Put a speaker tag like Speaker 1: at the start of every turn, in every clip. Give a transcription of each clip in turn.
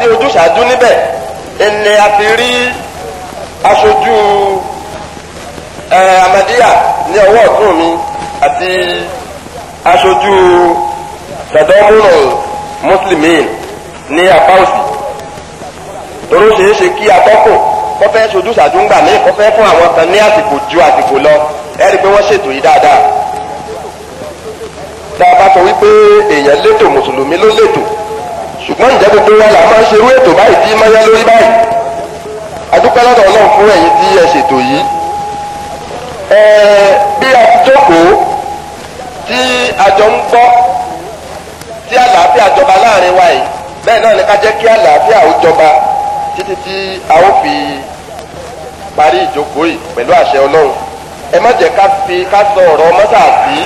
Speaker 1: ní ojúṣàájú níbẹ̀ ẹni a ti rí aṣojú amadiya ní ọwọ́ ọ̀tún mi àti aṣojú tàdọ́mùnà mùsùlùmí ní apá òsì tòró ṣeéṣe kí atọ́kùn kó fẹ́ ṣojú ṣàájú ń gbà ní kó fẹ́ fún àwọn kan ní àsìkò ju àsìkò lọ ẹ rí i pé wọ́n ṣètò yìí dáadáa tá a bá sọ wípé èèyàn létò mùsùlùmí ló létò ṣùgbọ́n ìjẹ́ gbogbo wa là máa ń ṣerú ètò báyìí tí máyá lórí báyìí adúpẹ́ lọ́dọ̀ Ọlọ́run fún ẹ̀yin tí ẹ ṣètò yìí bí a ti jókòó tí àjọ ń gbọ́ tí àlàáfíà jọba láàrin wa yìí bẹ́ẹ̀ náà ni ká jẹ́ kí àlàáfíà ó jọba títí tí a ó fi parí ìjókòó yìí pẹ̀lú àṣẹ Ọlọ́run ẹ má jẹ́ ká fi ká sọ ọ̀rọ̀ mọ́tàbí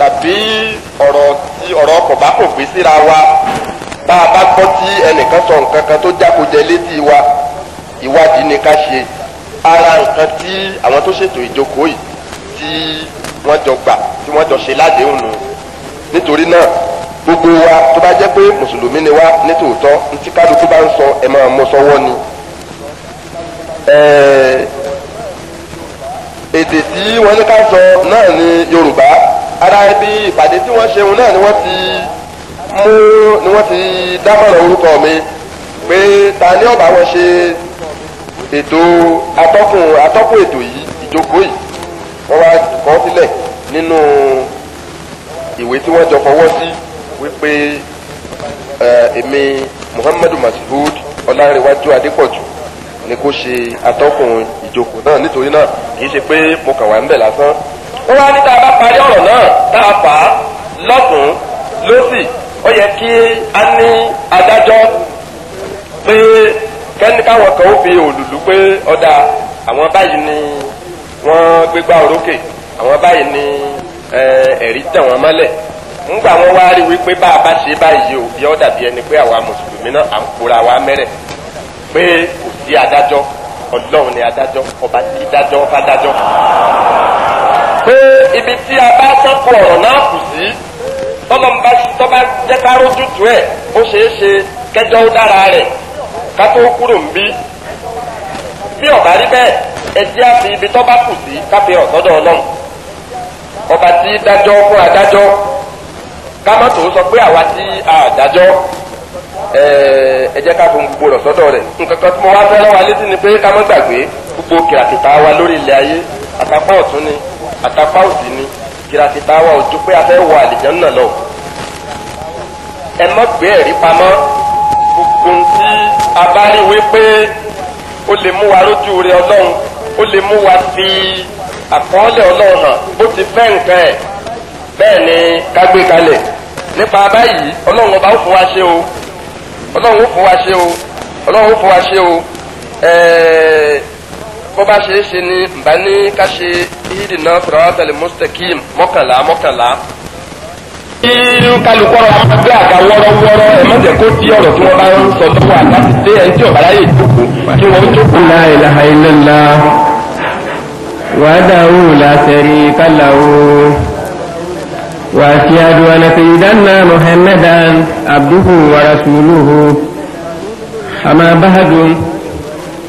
Speaker 1: tàbí ọ̀rọ̀ ọ̀rọ̀ kọ̀bákògbé síra wa tá a bá gbọ́ tí ẹnìkan sọ nǹkan kan tó jákojẹ létí wa ìwádìí ni ká ṣe ara nǹkan tí àwọn tó ṣètò ìjókòó yìí tí wọ́n jọ gbà tí wọ́n jọ ṣe ládéhùn nù nítorí náà gbogbo wa tó bá jẹ́ pé mùsùlùmí ni wa nítòótọ́ ntí kálukú bá ń sọ ẹ̀ máa mọ sọ́wọ́ ni. èdè tí wọ́n ní ká sọ náà ni Yorùbá ara ibi ìpàdé tí wọ́n ṣeun náà ni wọ́n ti mú ni wọ́n ti dámọ̀ràn orúkọ mi pé ta ni ọba wọn ṣe ètò atọ́kùn atọ́kùn ètò yìí ìjókòó yìí wọ́n wá kọ́ sílẹ̀ nínú ìwé tí wọ́n jọ fọwọ́ sí wípé èmi Muhammadu Mashood Ọlárẹ̀wájú Adépọ̀jù ni kó ṣe atọ́kùn ìjókòó náà nítorí náà kì í ṣe pé mo kàn wá ń bẹ̀ lásán. wọ́n wá ní tá a bá parí ọ̀rọ̀ náà tá a fà á lọ́tún lọ́sì ó yẹ kí a ní adájọ́
Speaker 2: pé kẹ́ni káwọn kan ó fi òlùlù pé ọ̀dà àwọn báyìí ni wọ́n gbégbá orókè àwọn báyìí ni ẹ̀rí tẹ̀ wọ́n mọ́lẹ̀ ńgbà wọn wá rí wípé bá a bá ṣe báyìí o yọ dàbí ẹni pé àwa mùsùlùmí náà à ń kóra wa mẹ́rẹ̀ pé kò sí adájọ́ ọlọ́run ni adájọ́ ọba
Speaker 1: tí dájọ́ bá dájọ́ pé ibi tí a bá sọ́kù ọ̀rọ̀ náà kù sí tọ́lọ́mba tọ́ba jẹ́ká rójútu ẹ̀ ó ṣeé ṣe kẹjọ ó dára rẹ̀ ká tó kúrò ń bí. bí ọ̀bá rí bẹ́ẹ̀ ẹjẹ́ àti ibi tọ́ba kù sí káfí ọ̀sọ́dọ̀ ọlọ́run. ọba tí dájọ́ fún adájọ́ ká má tó sọ pé àwa tí a dájọ́
Speaker 2: ẹjẹ́ ká fún gbogbo rẹ̀ sọ́dọ̀ rẹ̀. nǹkan kan tí mo wá fẹ́ lọ́wọ́ alẹ́ sí ni pé ká má gbàgbé gbogbo kìràkìtà wa lórí
Speaker 1: ilẹ̀ ayé àtàpá ọ̀tún ni àtàpá òsì ni gírafì tá a wà ojú pé a fẹ́ wọ àlìjánná lọ ẹ má gbé ẹ̀rí pamọ́ gbogbo ntí a bá rí wípé ó lè mú wa lójú rẹ ọlọ́run ó lè mú wa fi àkọọ́lẹ̀ ọlọ́run hàn bó ti fẹ́ nǹkan ẹ̀ bẹ́ẹ̀ ni ká gbé kalẹ̀ nípa báyìí ọlọ́run ọba ó fún wa ṣe o ọlọ́run ó fún wa ṣe o ọlọ́run ó fún wa ṣe o ẹ̀ẹ́ bọ́bá ṣe é ṣe ni nbà ní ká ṣe ihdina siratal mustaqim mọ́kànlá mọ́kànlá. bí kálukú ọ̀rọ̀ agbẹ́ àga wọ́rọ́wọ́rọ́ ẹ̀ má jẹ́ kó di ọ̀rọ̀ tí wọ́n bá ń sọ lọ́wọ́ àgbà ti dé ẹni tí ọ̀bàrá yè jókòó kí wọ́n jókòó. la ilaha illallah
Speaker 2: wahdahu la sharika lahu wa ashhadu anna sayyidana muhammadan abduhu wa rasuluhu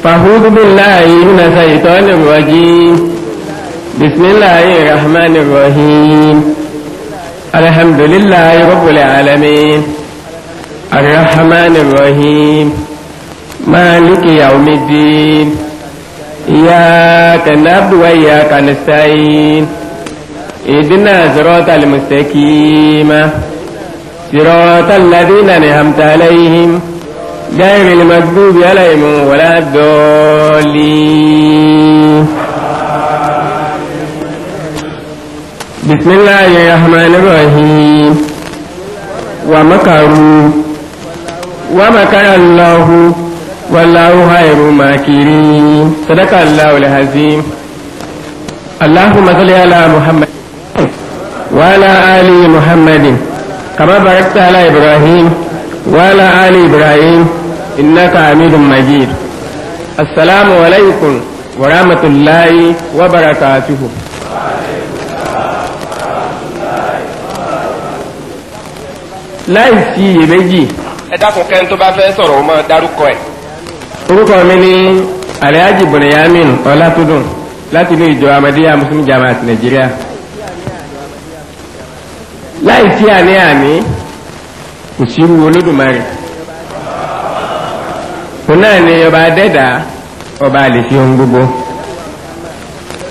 Speaker 2: فأعوذ بالله من الشيطان الرجيم بسم الله الرحمن الرحيم الحمد لله رب العالمين الرحمن الرحيم مالك يوم الدين إياك نعبد وإياك نستعين اهدنا صراط المستقيم صراط الذين أنعمت عليهم غير المكذوب عليهم ولا الضالين بسم الله الرحمن الرحيم ومكروا ومكر الله والله خير ماكرين صدق الله العظيم اللهم صل على محمد وعلى آل محمد كما باركت على إبراهيم وعلى آل إبراهيم إنك حميد مجيد السلام عليكم ورحمة الله وبركاته láì sí iyèméjì. ẹ dákun kẹ́ni tó bá fẹ́ sọ̀rọ̀ o máa dárúkọ ẹ̀. orúkọ mi ni alhaji bùnìyàmín ọlátúndùn láti inú ìjọ amadíyà muslim jamaat nàìjíríà. láì sí àní àní kò sí irú olódùmarè òun náà ni ọba adẹ́dà ọba lè fi ohun gbogbo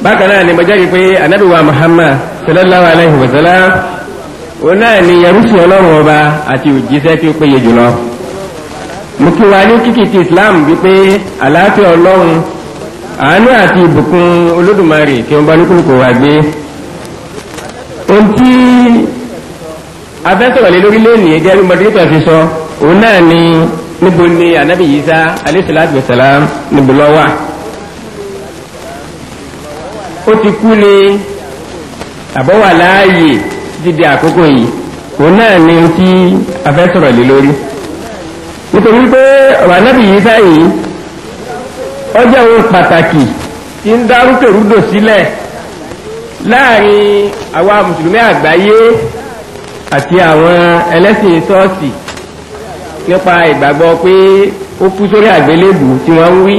Speaker 2: bákan náà ni mo jẹ́rìí pé ànábì Muhammad sallallahu alayhi wa sallam òun náà ni yarúsì ọlọ́run ọba àti òjíṣẹ́ tí ó péye jùlọ mo kí wa ní kíkì ti Islam wípé àlàáfíà ọlọ́run àánú àti ìbùkún olódùmarè tí ó ń bá nípìnkù wa gbé ohun tí afẹ́sọ̀rọ̀ lé lórílẹ̀ ènìyàn jẹ́ bí mọ̀dé tó fi sọ òun náà ni níbo ni anabi Isa alayisalaatu wasalaam níbo ló wà ó ti kú ni àbọ̀wà láàyè dídí àkókò yìí òun náà ni ohun tí a fẹ́ sọ̀rọ̀ lé nítorí pé ọ̀rọ̀ anabi Isa yìí ó jẹ́ ohun pàtàkì tí ń dárúkèrúdò sílẹ̀ láàrin àwa mùsùlùmí àgbáyé àti àwọn ẹlẹ́sìn ṣọ́ọ̀ṣì nípa ìgbàgbọ́ pé ó kú sórí àgbélébù tí wọ́n ń wí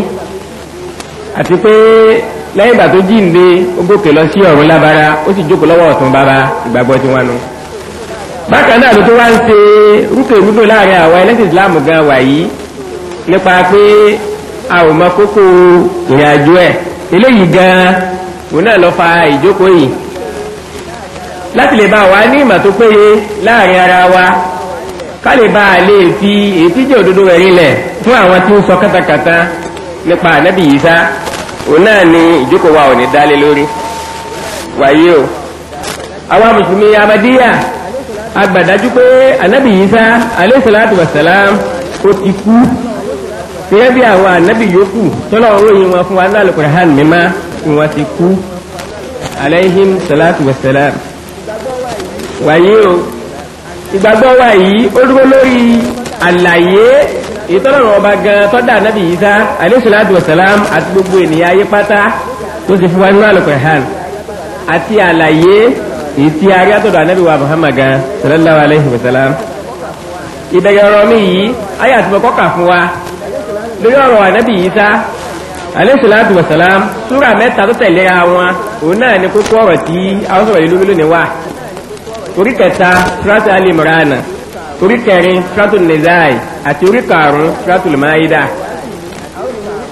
Speaker 2: àti pé lẹ́yìn ìgbà tó jíǹde ó gòkè lọ sí ọ̀run lábara ó sì jókòó lọ́wọ́ ọ̀tún bàbá ìgbàgbọ́ tí wọ́n nu bákan náà ló tó wá ń ṣe rúkèrúdò láàrin àwọn ẹlẹ́sìn Islam gan wàyí nípa pé a ò mọ kókó ìrìn àjò ẹ̀ eléyìí gan òun náà lọ fa ìjókòó yìí láti lè bá wa ní ìmọ̀ tó péye láàrin ara wa kálí bá a lè fi ètíjẹ́ òdodo rẹ̀ rinlẹ̀ fún àwọn tí ń sọ kátàkátà nípa ànábì Ìsá òun náà ni ìjókòó wa ò ní dálé lórí wàyí o àwa mùsùlùmí amadíyà agbàdájú pé ànábì Ìsá alayhi salatu wassalam ó ti kú gẹ́gẹ́ bí àwọn ànábì yòókù tọ́lọ̀ ròyìn wọn fún wa ní al mímá wọn ti kú alayhim salatu wassalam wàyí o ìgbàgbọ́ wa yìí ó dúró lórí àlàyé ìtọ́lọ́run ọba gan tọ́dà nábì Ìsá alayhi salatu wassalam àti gbogbo ènìyàn ayé pátá tó ti fún wa nínú Al-Qur'an àti àlàyé ìtì àrí àtọ̀dọ̀ anábì wa Muhammad gan sallallahu alayhi wa sallam. ìbẹ̀rẹ̀ ọ̀rọ̀ mi yìí ayé àti bọ̀kọ́ kà fún wa lórí ọ̀rọ̀ anábì Ìsá alayhi salatu wassalam súrà mẹ́ta tó tẹ̀lé ra wọn òun náà ni kókó ọ̀rọ̀ tí àwọn sọ̀rọ̀ yìí lórí orí kẹta tíráṣì alimrana orí kẹrin tíráṣì nizai àti orí karùn tíráṣì maida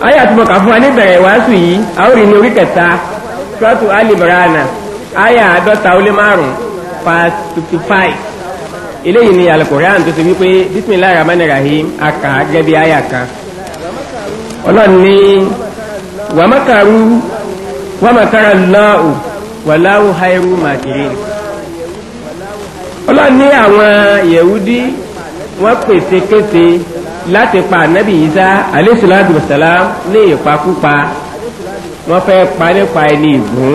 Speaker 2: ayé àtúbọ̀kà fún wa níbẹ̀rẹ̀ wàásù yìí àórí ní orí kẹta tíráṣì alimrana ayé àádọ́ta ó lé márùn past fifty five eléyìí ni alukoran tó ti wípé bisimilayi rahman rahim aka gẹbi aya kan ọlọ́ni wàmákàrú wàmákàrá lọ́ọ̀ wàláwù hairu màkìrín ọlọ́run ní àwọn yẹ̀wúdí wọ́n pèsè kété láti pa ànábì Ìsá aleyhisselatu wasalam ní ìpakúpa wọ́n fẹ́ pa nípa ẹni ìgún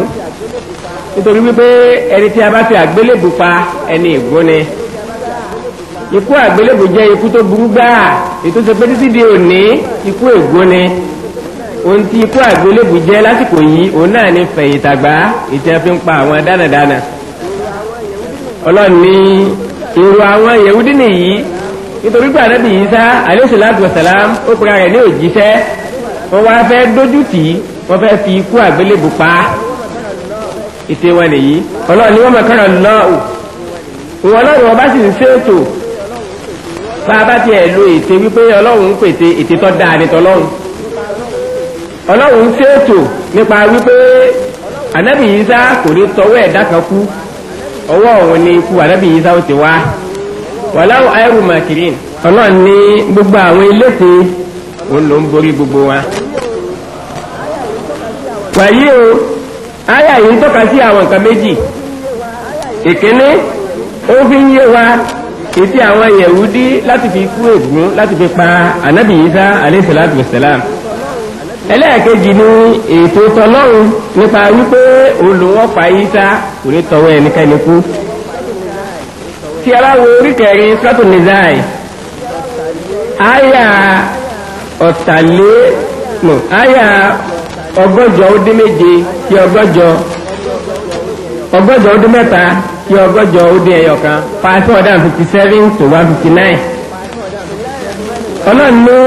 Speaker 2: nítorí wípé ẹni tí a bá fi àgbélébù pa ẹni ìgún ni ikú àgbélébù jẹ́ ikú tó burú gbáà ètò ìsepé títí di òní ikú ègún ni ohun tí ikú àgbélébù jẹ́ lásìkò yìí òun náà ní fẹ̀yìntàgbá ìtẹ́ fi ń pa àwọn dánadánà ọlọ́run ní èrò àwọn yẹ̀wúdí nìyí nítorí pé ànábì Ìsá alayhi salatu wassalam ó pera rẹ̀ ní òjíṣẹ́ wọ́n wá fẹ́ dójú tì í wọ́n fẹ́ fi ikú àgbélébù pa ìṣe wọn nìyí ọlọ́run ní wọ́n mọ̀kànlá lọ́ọ̀ ìwọ ọlọ́run ọba sì ń ṣètò bá a bá tiẹ̀ lo ète wípé ọlọ́run ń pète ète tó dáa ní tọlọ́run ọlọ́run ń ṣètò nípa wípé ànábì Ìsá kò ní tọwọ́ ẹ̀dá kan kú ọwọ́ òun ni ikú ànábì yìí sáwọ́ ti wá wàláwù ayélu màkìrín ọlọ́run ní gbogbo àwọn eléte òun ló ń borí gbogbo wa. wàyí o àyà yìí ń tọ́ka sí àwọn nǹkan méjì ìkíní ó fi ń yé wa ìtí àwọn yẹ̀wúdí láti fi kú ègún láti fi pa ànábì yìí sá alayhi salatu wassalam ẹlẹ́ẹ̀kejì ni ètò tọlọ́run nípa wípé olùwọ́pa yìí ta kò ní tọwọ́ ẹnikẹ́ni kú tí a bá wo orí kẹrin sọ́tò nìzáì àyà ọ̀tàlẹ́ nù àyà ọgọ́jọ ó dé méje kí ọgọ́jọ ọgọ́jọ ó dé mẹ́ta kí ọgọ́jọ ó dé ẹyọ five hundred fifty seven to one fifty nine ọlọ́run ní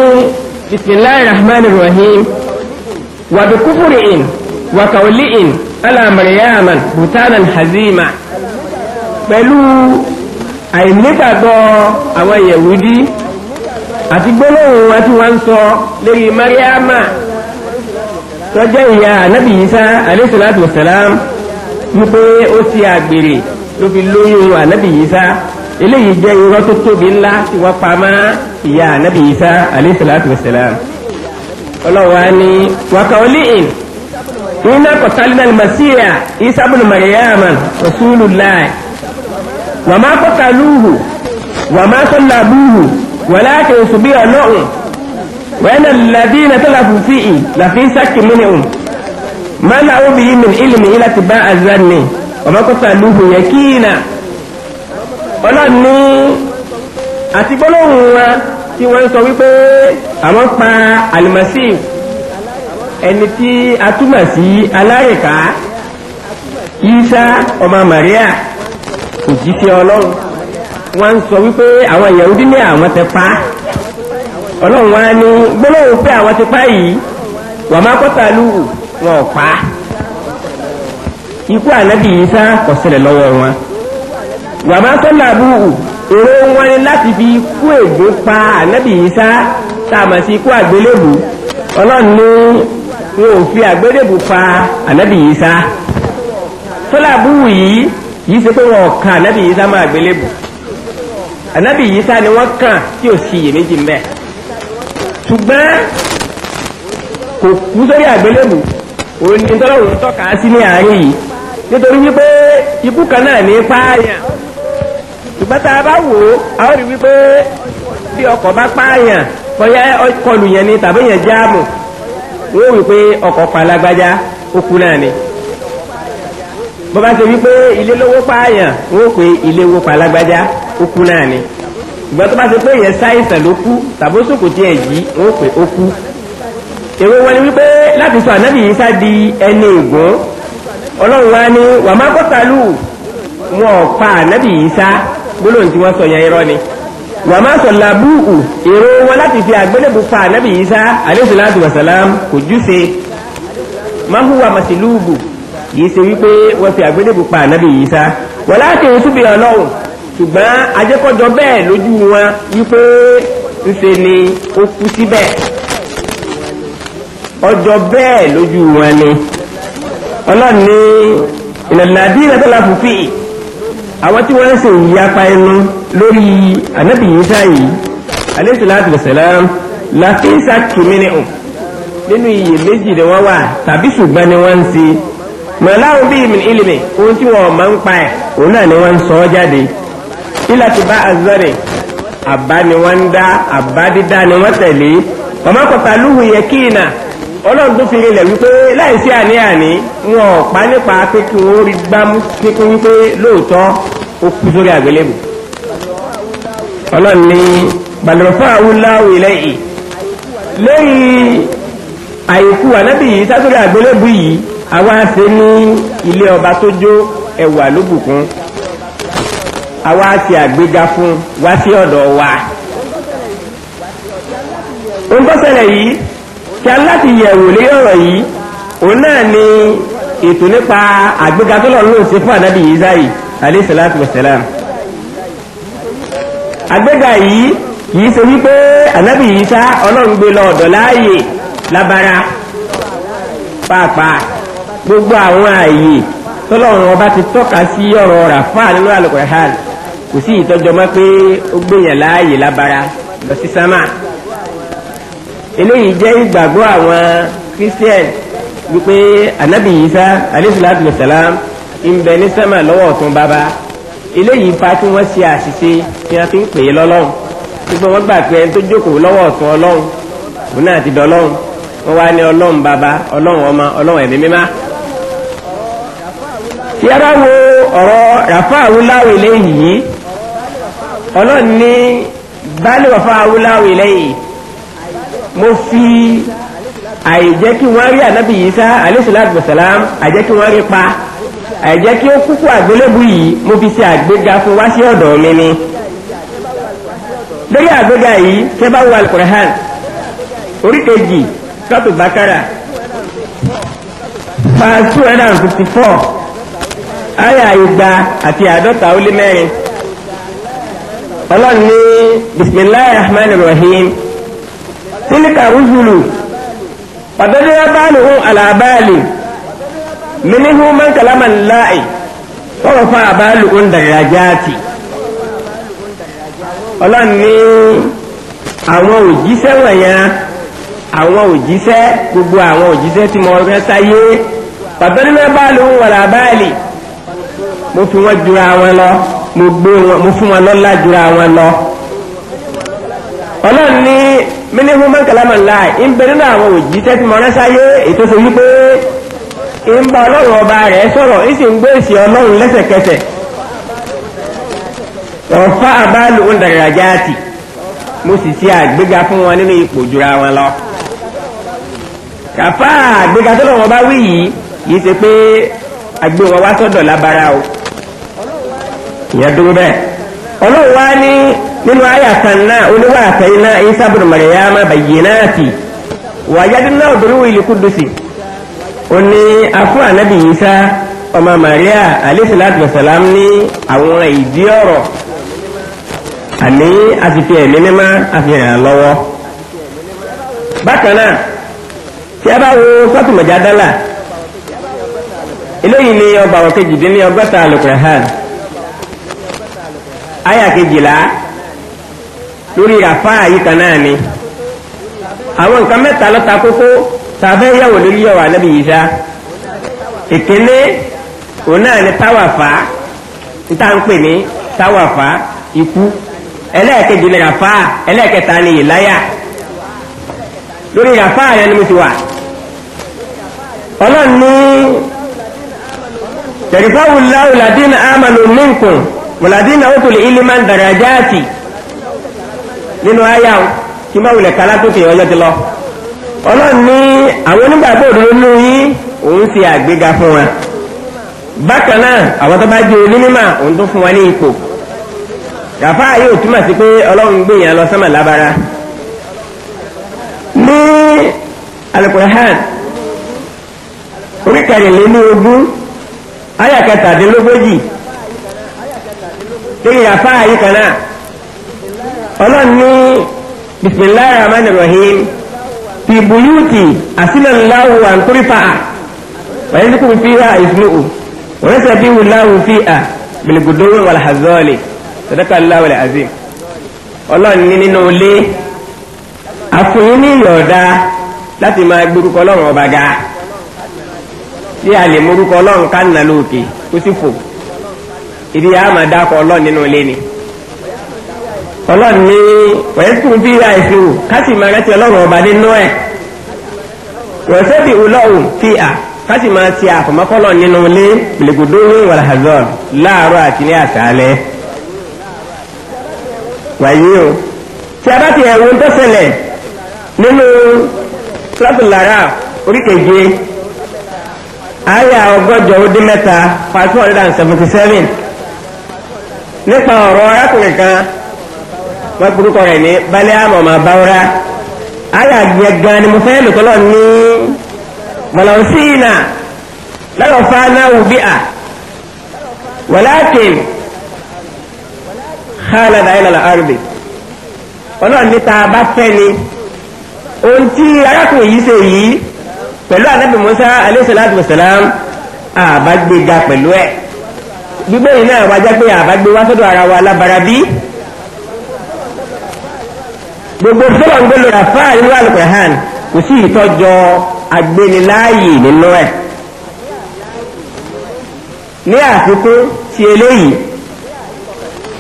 Speaker 2: bisimilahi rahman rahim wa bi kufri'in wa kawli'in ala maryaman butanan hazima pẹ̀lú àìnígbàgbọ́ àwọn yẹ̀wúdí àti gbólóhùn wọn tí wọ́n ń sọ lórí mariama tó jẹ́ ìyá ànábì Isa alayhi salatu wassalam wípé ó ti àgbèrè ló fi lóyún ànábì Isa eléyìí jẹ́ irọ́ tó tóbi ńlá tí wọ́n pa mọ́ ìyá ànábì Isa alayhi salatu ọlọ́wà ni wàkàólíìn iná kọtàlínàlì màsíyà ìsàbùnù màríyàmà rasulullah wàmá kọtàlúhù wàmá sọlábùhù wàláàkì ìṣubí ọlọ́hùn wẹ́nà ladina tọ́làfù fìhì làfi sákì mínìhùn mọ́nà òbí yìí min ilmi ilà ti bá àzánni wàmá kọtàlúhù yakina ọlọ́ni àti gbólóhùn wa tí wọ́n ń sọ wípé àwọn pa àlùmọ́sí ẹni tí a túmọ̀ sí aláìka Isa ọmọ Maria òjíṣẹ́ ọlọ́run wọ́n ń sọ wípé àwọn Yahudi ní àwọn ti pa ọlọ́run wa ni gbólóhùn pé àwọn ti pa yìí wà má kọ́ta lù wọn ò pa ikú ànábì Isa kò ṣẹlẹ̀ lọ́wọ́ wọn wà má tọ́lá búrú èrò wọn ni láti fi kú ègún pa ànábì Ìsá tá a mọ̀ sí ikú àgbélébù ọlọ́run ní wọn ò fi àgbélébù pa ànábì Ìsá tọ́làbùwù yìí yìí ṣe pé wọn ò kan ànábì Ìsá mọ́ àgbélébù ànábì Ìsá ni wọ́n kàn tí ò sí iyèméjì ń bẹ̀ ṣùgbọ́n kò kú sórí àgbélébù òun ni tọ́lọ́run tọ́ka sí ní àárín yìí nítorí wípé ikú kan náà ní pààyàn ṣùgbọ́n tá a bá wò ó a ó rí wípé bí ọkọ̀ bá pààyàn bóyá ọkọlù yẹn ni tàbí yẹn jáàmù wọ́n wí pé ọkọ̀ palágbájá ó náà ni bọ́bá ṣe wípé ilé lówó pààyàn wọ́n pé ilé wó palágbájá ó náà ni ìgbọ́n tó bá ṣe pé yẹn sáìsàn ló kú tàbí ó sòkò tí ẹ̀ yí wọ́n pé ó èrò wọn ni wípé láti sọ ànábì yìí sá di ẹni ègún ọlọ́run wa ni wàmákọ́tàlù wọn ò pa ànábì yìí sá gbólóhùn tí wọ́n sọ yẹn irọ́ ni wàmà sọlá búùkù èrò wọn láti fi àgbélébù pa ànábì Ìsá alayhi salatu wasalam kò júṣe mahuwa masilubu yìí ṣe wípé wọ́n fi àgbélébù pa ànábì Ìsá wọ́n láti ìtúbi ọlọ́run ṣùgbọ́n ajẹ́kọ́jọ bẹ́ẹ̀ lójú wọn wípé ńṣe ni ó kú síbẹ̀ ọjọ́ bẹ́ẹ̀ lójú wọn ni ọlọ́run ìlànà àdínà tó la fòfin àwọn tí wọ́n ń ṣe ìyapa ẹnu lórí ànábì Ìsá yìí alayhi salatu wassalam láti ń ṣàkíní ọ̀ nínú iye méjì ni wọ́n wà tàbí ṣùgbọ́n ni wọ́n ń ṣe mọ̀láhùn bíi min ilmi ohun tí wọ́n máa ń pa ẹ̀ òun náà ni wọ́n ń sọ ọ́ jáde ilà ti bá azọ́rẹ̀ àbá ni wọ́n ń dá àbá dídá ni wọ́n tẹ̀lé ọmọkọ̀tà lúhu yẹ kíìnà ọlọ́run tó fi rinlẹ̀ wípé láìsí àní-àní wọn ò pa nípa pé kí wọ́n rí gbámú pínpín wípé lóòótọ́ ó kú sórí àgbélébù ọlọ́run ní balùwẹ̀fọ́ àwùláwù lẹ́yìn lẹ́yìn àìkú ànábì yìí sásórí àgbélébù yìí àwa ṣe ní ilé ọba tó jó ẹwà lóbùkún àwa ṣe àgbéga fún wá sí ọ̀dọ̀ wa ohun yìí tí a ń láti yẹ̀wò lé ọ̀rọ̀ yìí òun náà ni ètò nípa àgbéga tó lọ́ọ́ lóun sí fún ànábì Ìsá yìí alayhi salatu wassalam àgbéga yìí kì í ṣe wípé ànábì Ìsá ọlọ́run gbé lọ ọ̀dọ̀ láàyè lábara pàápàá gbogbo àwọn ààyè tọ́lọ́run ọba ti tọ́ka sí ọ̀rọ̀ ràfà nínú àlùkò hàn kò sí ìtọ́jọ́ mọ́ pé ó gbìyàn láàyè lábara lọ sí sámà eléyìí jẹ́ ìgbàgbọ́ àwọn christian wípé anabi isa alayhisalaatu wasalam ń bẹ ní sẹ́mà lọ́wọ́ ọ̀tún bàbá eléyìí fa kí wọ́n ṣe àṣìṣe tí wọ́n fi ń pè é lọ́lọ́run nígbà wọ́n gbà pé ẹni tó jókòó lọ́wọ́ ọ̀tún ọlọ́run òun náà ti dọ́lọ́run wọ́n wá ní ọlọ́run bàbá ọlọ́run ọmọ ọlọ́run ẹ̀mí mímá. tí a bá wo ọ̀rọ̀ ràfà awúláwò eléyìí ọlọ́run ní bá lè mo fi àìjẹ́ kí wọ́n rí ànábì Ìsá aleyhisalaatu wasalam àìjẹ́ kí wọ́n rí pa àìjẹ́ kí ó kúkú àgbélébù yìí mo fi ṣe àgbéga fún wá sí ọ̀dọ̀ mi ni lórí àgbéga yìí tẹ́ bá wo alukurahan orí kejì sọ́tù bàkàrà pa two hundred and fifty four àyà igba àti àádọ́ta ó lé mẹ́rin ọlọ́run ní bisimilayi rahman rahim tilka rusulu qadad yabaluhu ala bali minhu man kalama la'i wa rafa baluhun darajati ọlọ́run ní àwọn òjíṣẹ́ wọ̀nyẹn àwọn òjíṣẹ́ gbogbo àwọn òjíṣẹ́ tí mo rẹ́ sáyé pàtẹ́lẹ́mẹ́ báàlù ń wọ̀rà báàlì mo fi wọ́n jura wọn lọ mo gbé wọn mo fún wọn lọ́lá jura wọn lọ ọlọ́run ní mínímù mọ́kànlámà ńlá ń bẹ nínú àwọn òjíṣẹ́ tí mo rán sáyé ètò ṣe wípé ń bá ọlọ́run ọba rẹ̀ sọ̀rọ̀ ń sì ń gbé èsì ọlọ́run lẹ́sẹ̀kẹsẹ̀ ọ̀fà àbálù ń dàgbà jáàtì mo sì ṣe àgbéga fún wọn nínú ipò jura wọn lọ. kàfá àgbéga tó lọ́wọ́ bá wí yìí yìí ṣe pé àgbé wá sọ́dọ̀ lábára o ìyẹn dúró bẹ́ẹ̀ ọlọ́run wá ní nínú àyà kan náà olúwa àtẹ̀yìnà isa bùrù màríyámà bàyìnáàtì wàyádì náà dúró ìlú kúdùsì ó ní afún ànábì isa ọmọ maria alayhisalatu wasalam ní àwọn ìdí ọ̀rọ̀ àní àfihàn ẹ̀mí mímá àfihàn lọ́wọ́ bákan náà tí a bá wo sọ́tù mọ̀jádálà eléyìí ni ọba àwọn kejìdínlẹ́ ọgọ́ta alukurahàn àyà kejìlá lórí àfa àyíká náà ni àwọn nǹkan mẹ́ta lọ́ta kókó tàbẹ́ yàwó lórí yàwó ànábì yìí sá ìkíní òun náà ni táwà fà á níta ń pè ní táwà fà á ikú ẹlẹ́ẹ̀kejì ni ràfà á ẹlẹ́ẹ̀kẹta ni ìláyà lórí ràfà á yẹn ni mo ti wà ọlọ́run ní tẹ̀rífáwù láwùládínà ámàlù mínkùn wùládínà ó tó lè ilé máa ń dàrájáàtì. nínú àyà o kí má wulẹ̀ kálá tó fi ọjọ́ ti lọ. ọlọ́run ní àwọn onígbàgbọ́ òdodo nínú yín òun ṣe àgbéga fún wa. bákan náà àwọn tó bá onímọ̀ òun tó fún wa ní ipò. gàfá yóò túmọ̀ sí pé ọlọ́run gbé yẹn lọ sọ́mọ̀ lábara. ní ogún yìí kan ọlọ́run ní bisimilahi rahman rahim fi buyuti asilallahu wa nkurifa a wọ́n yẹn kúrò fi ha ìfúnù wọ́n yẹn sẹ́bi wùláwù fi a biligudu wàlhazọ́ọ̀lì sadaka allah wàlẹ̀ azim ọlọ́run ní nínú ilé àfòyín ní ìyọ̀ọ̀dá láti máa gbórúkọ ọlọ́run ọba ga tí a lè mórúkọ ọlọ́run ká nà kó sì fò ìdí àmàdá kọ ọlọ́run nínú ilé ni ọlọ́run ní wẹ́sùn bí àìsàn kásì máa rántí ọlọ́run ọba nínú ẹ̀ wẹ́sẹ̀bì ọlọ́run fi à kásì máa ti àfọmọ́kọ́lọ̀ nínú ilé gbèlègòdó ní wàlhazọ́n láàárọ̀ àti ní àṣálẹ́ wàyí o tí a bá ti ẹ̀wọ̀n tó ṣẹlẹ̀ nínú sọ́tùlára oríkèje àyà ọgọ́jọ ó dín mẹ́ta five hundred and seventy seven nípa ọ̀rọ̀ arákùnrin kan wọ́n gbórúkọ rẹ̀ ní baliam ọmọ abawura ayà yẹ gan ni mo fẹ́ lò tọ́lọ̀ ní mọ̀lọ́sínà lọ́rọ̀ fáná wùbí à wọ́láàkìn xaalẹ̀ dàí lọ́la arbi ọlọ́run ní ta bá fẹ́ ni ohun tí arákùnrin yìí ṣe yìí pẹ̀lú anabi musa alayhi salatu àbágbéga pẹ̀lú ẹ̀ gbígbóyin náà wájá pé àbágbé wá sọ́dọ̀ ara wa lábara bíi gbogbo sọ́lọ̀ ń gbé lọ́ra fáà nínú alukur'an kò sí ìtọ́jọ agbéniláàyè nínú ẹ̀. ní àfikún ti eléyìí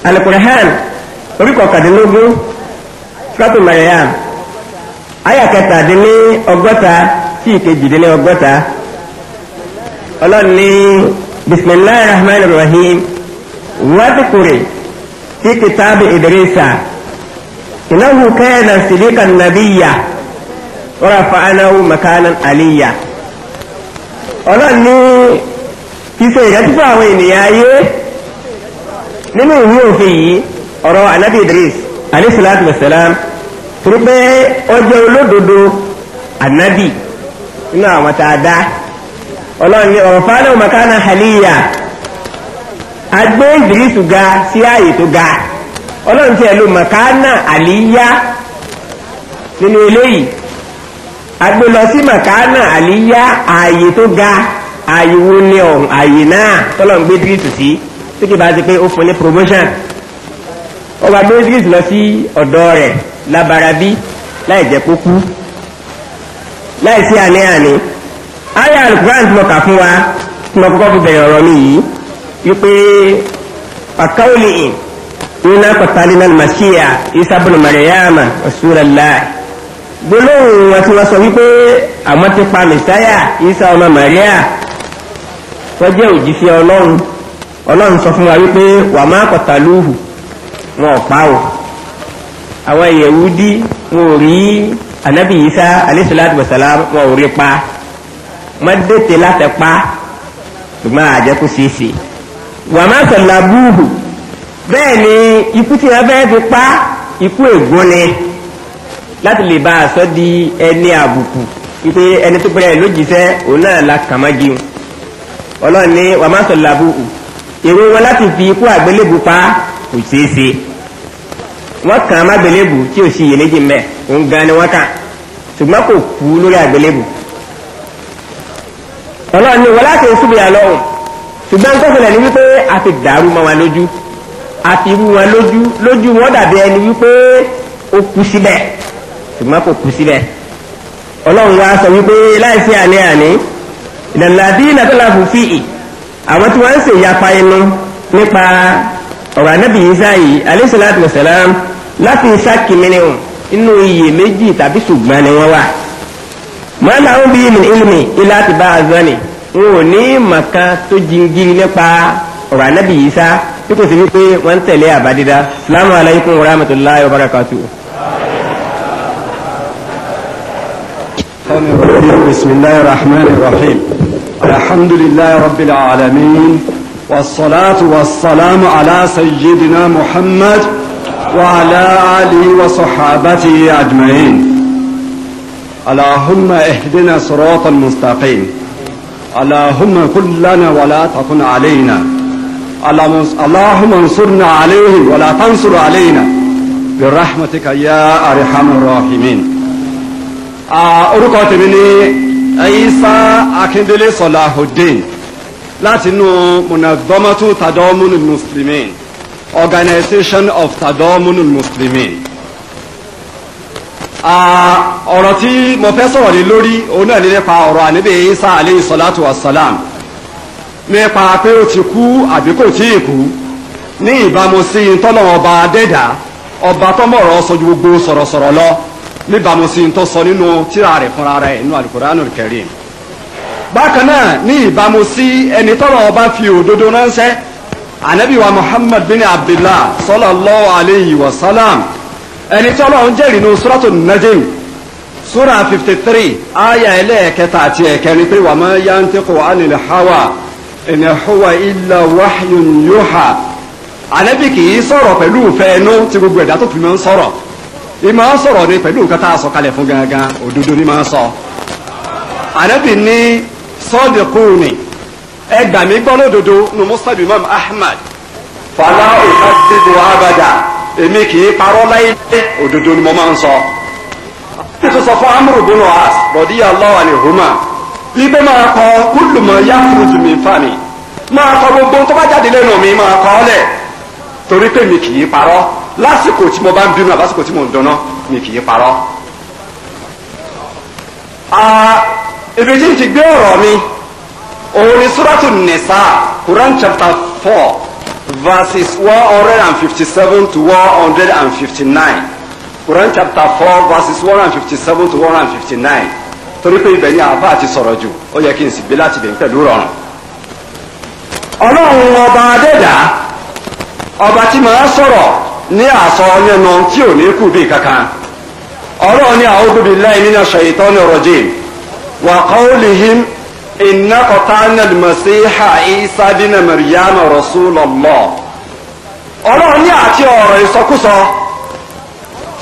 Speaker 2: alukur'an orí kọkàndínlógún sọ́tù mariam àyà kẹtàdínlé ọgọ́ta sí ìkejìdínlé ọgọ́ta ọlọ́ni bisimilahi rahman rahim wàdùkúrè fi kìtàbù ìdírísà. إنه كان صديقا نبيا ورفعناه مكانا عليا ọlọ́run ní fífẹ́ ìdájúfọ́ àwọn ènìyàn ayé nínú ìwé òfin yìí ọ̀rọ̀ anabi idris alayhisalaatu wasalaam torí pé ọjọ́ olódodo anabi nínú àwọn tá a dá ọlọ́run ní ọ̀rọ̀ fáánà makana haliya agbé idris ga sí ààyè tó ga. Si ọlọ́run ti ẹ̀ lo mọ̀kánà àlíyá nínú eléyìí agbélọ sí mọ̀kánà àlíyá ààyè tó ga ààyè wo ni ọ̀ ààyè náà tọ́lọ́run gbé dírísì sí tí kì bá ti pé ó fún ní promotion ó bá gbé dírísì lọ sí ọ̀dọ́ rẹ̀ labarabí láì jẹ́ kó kú láì sí àní-àní aya alukuran ti mọ̀ kà fún wa tí mo kọ́kọ́ fi bẹ̀rẹ̀ ọ̀rọ̀ mi yìí wípé pàkáwó lè hìn suna qatalina al isa bin maryama rasulullah gbólóhùn wọn tí wọ́n sọ wípé àwọn ti pa isa ọmọ maria tó jẹ́ òjíṣẹ́ ọlọ́run ọlọ́run sọ fún wa wípé wà má qataluhu wọn ò pa o àwọn yẹ̀wúdí wọn ò rí anabi isa alayhi salatu wa salam wọn ò rí pa wọ́n dètè láti pa ṣùgbọ́n àjẹkù ṣeéṣe wà má sallabuhu bẹ́ẹ̀ ni ikú tí wọ́n fẹ́ẹ́ fi pa ikú ègbón ni láti lè bá aṣọ di ẹni àbùkù wípé ẹni tó pẹ́rẹ́ lójíṣẹ́ òun náà la kàn má jíun ọlọ́run ní wàá má sọ làbùkù èrò wọn láti fi ikú àgbélébù pa kò ṣeé ṣe wọ́n kàn má gbélébù tí ò sí iyèméjì mẹ́ òun gan ni wọ́n kàn ṣùgbọ́n kò kú lórí àgbélébù ọlọ́run ní wọ́n láti ń súnmọ́ ìyá lọ́rùn ṣùgbọ́n tó ṣẹlẹ̀ ní wípé a ti dàrú mọ́ wa lójú àti irú wọn lójú lójú wọn dàbí ẹni wípé ó kú síbẹ̀ ṣùgbọ́n kò kú síbẹ̀ ọlọ́run wa sọ wípé láìsí àní àní ìdàlàdí ìnàtàlàfù fìhì àwọn tí wọ́n ń ṣèyapa inú nípa ọ̀rọ̀ anábì Ìsá yìí alayhi salatu wassalam láti ṣáàkì mìíràn inú iyèméjì tàbí ṣùgbọ́n ni wọ́n wà mọ́ làwọn bíi min ilmi ilá ti bá a zọ́ni wọn ò ní màkà tó jingiri nípa ọ̀rọ̀ anábì Ìsá bí kò sí wípé wọ́n ń tẹ̀lé àbádídá salamu alaykum wa rahmatulahi wa barakatuhu.
Speaker 1: بسم الله الرحمن الرحيم الحمد لله رب العالمين والصلاة والسلام على سيدنا محمد وعلى آله وصحابته أجمعين اللهم اهدنا صراط المستقيم اللهم كن لنا ولا تكن علينا اللهم انصرنا عليه ولا تنصر علينا برحمتك يا أرحم الراحمين orúkọ tèmi ni Isa Akindele Salahuddin láti inú munazomatu tadomunul muslimin Organization of tadomunul muslimin ọ̀rọ̀ tí mo fẹ́ sọ̀rọ̀ lé lórí òun náà ní nípa ọ̀rọ̀ àníbẹ̀ Isa aleyhi salatu wa salam nípa pé ó ti kú àbí kò tí ì kú ní ìbámu sí ntọ́nà ọba adẹ́dà ọba tọ́mọ̀rọ̀ sọ ju gbogbo sọ̀rọ̀sọ̀rọ̀ lọ níbàámu sí ntọ́ sọ nínú tíra rẹ̀ fúnra rẹ̀ nínú alukóránù kẹrin bákan náà ní ìbámu sí ẹni tọ́nà ọba fi òdodo ránṣẹ́ anabiwa muhammad bin abdullah sallallahu alayhi wa salam ẹni tọ́nà ń jẹ́rìí nínú sọ́rọ́tò najim sura fifty three aya ẹlẹ́ẹ̀kẹta àti ẹ̀kẹrin pé wàmọ́ yantiqu in huwa illa wahyun yuha ànábì kì í sọ̀rọ̀ pẹ̀lú ìfẹ́nu tí gbogbo ẹ̀dá tó fi máa ń sọ̀rọ̀ ì máa ń sọ̀rọ̀ ni pẹ̀lú nǹkan tá a sọ kalẹ̀ fún gangan òdodo ni máa ń sọ ànábì ní sọ́ọ̀dẹ̀kùnì ẹgbà mi gbọ́ lódodo ní muslim imam ahmad fàlà òkàdìbò abàdà èmi kì í parọ́ láyé òdodo ni mo máa ń sọ. àti fún amúrògbónú as rọ̀díyà lọ́wọ́ ipe máa kọ kúlùmọ̀ yá kúrúzù mi fà mí máa kọ gbogbo tó bá jáde lẹ́nu mi máa kọ ọ́ lẹ̀ torí pé mi kì í parọ́ lásìkò tí mo bá ń bínú àbásìkò tí mo ń dáná mi kì í parọ́. ibi tí n ti gbé ọ̀rọ̀ mi òun ni sóràtù nìsa Quran chapter four verses one hundred and fifty seven to one hundred and fifty nine Quran chapter four verses one hundred and fifty seven to one hundred and fifty nine torí pé ibẹ̀ ni àáfàá ti sọ̀rọ̀ jù ó yẹ kí n sì gbé láti bẹ̀ pẹ̀lú rọrùn. ọlọ́run ọba adẹ́dá ọba tí màá sọ̀rọ̀ ní àsọ yẹnu tí ò ní kù bí kankan ọlọ́run ní a'udhu billahi minash shaitonir rajim wa qawlihim inna qatalna al-masiha isa bina maryama rasulallah ọlọ́run ní àti ọ̀rọ̀ ìsọkúsọ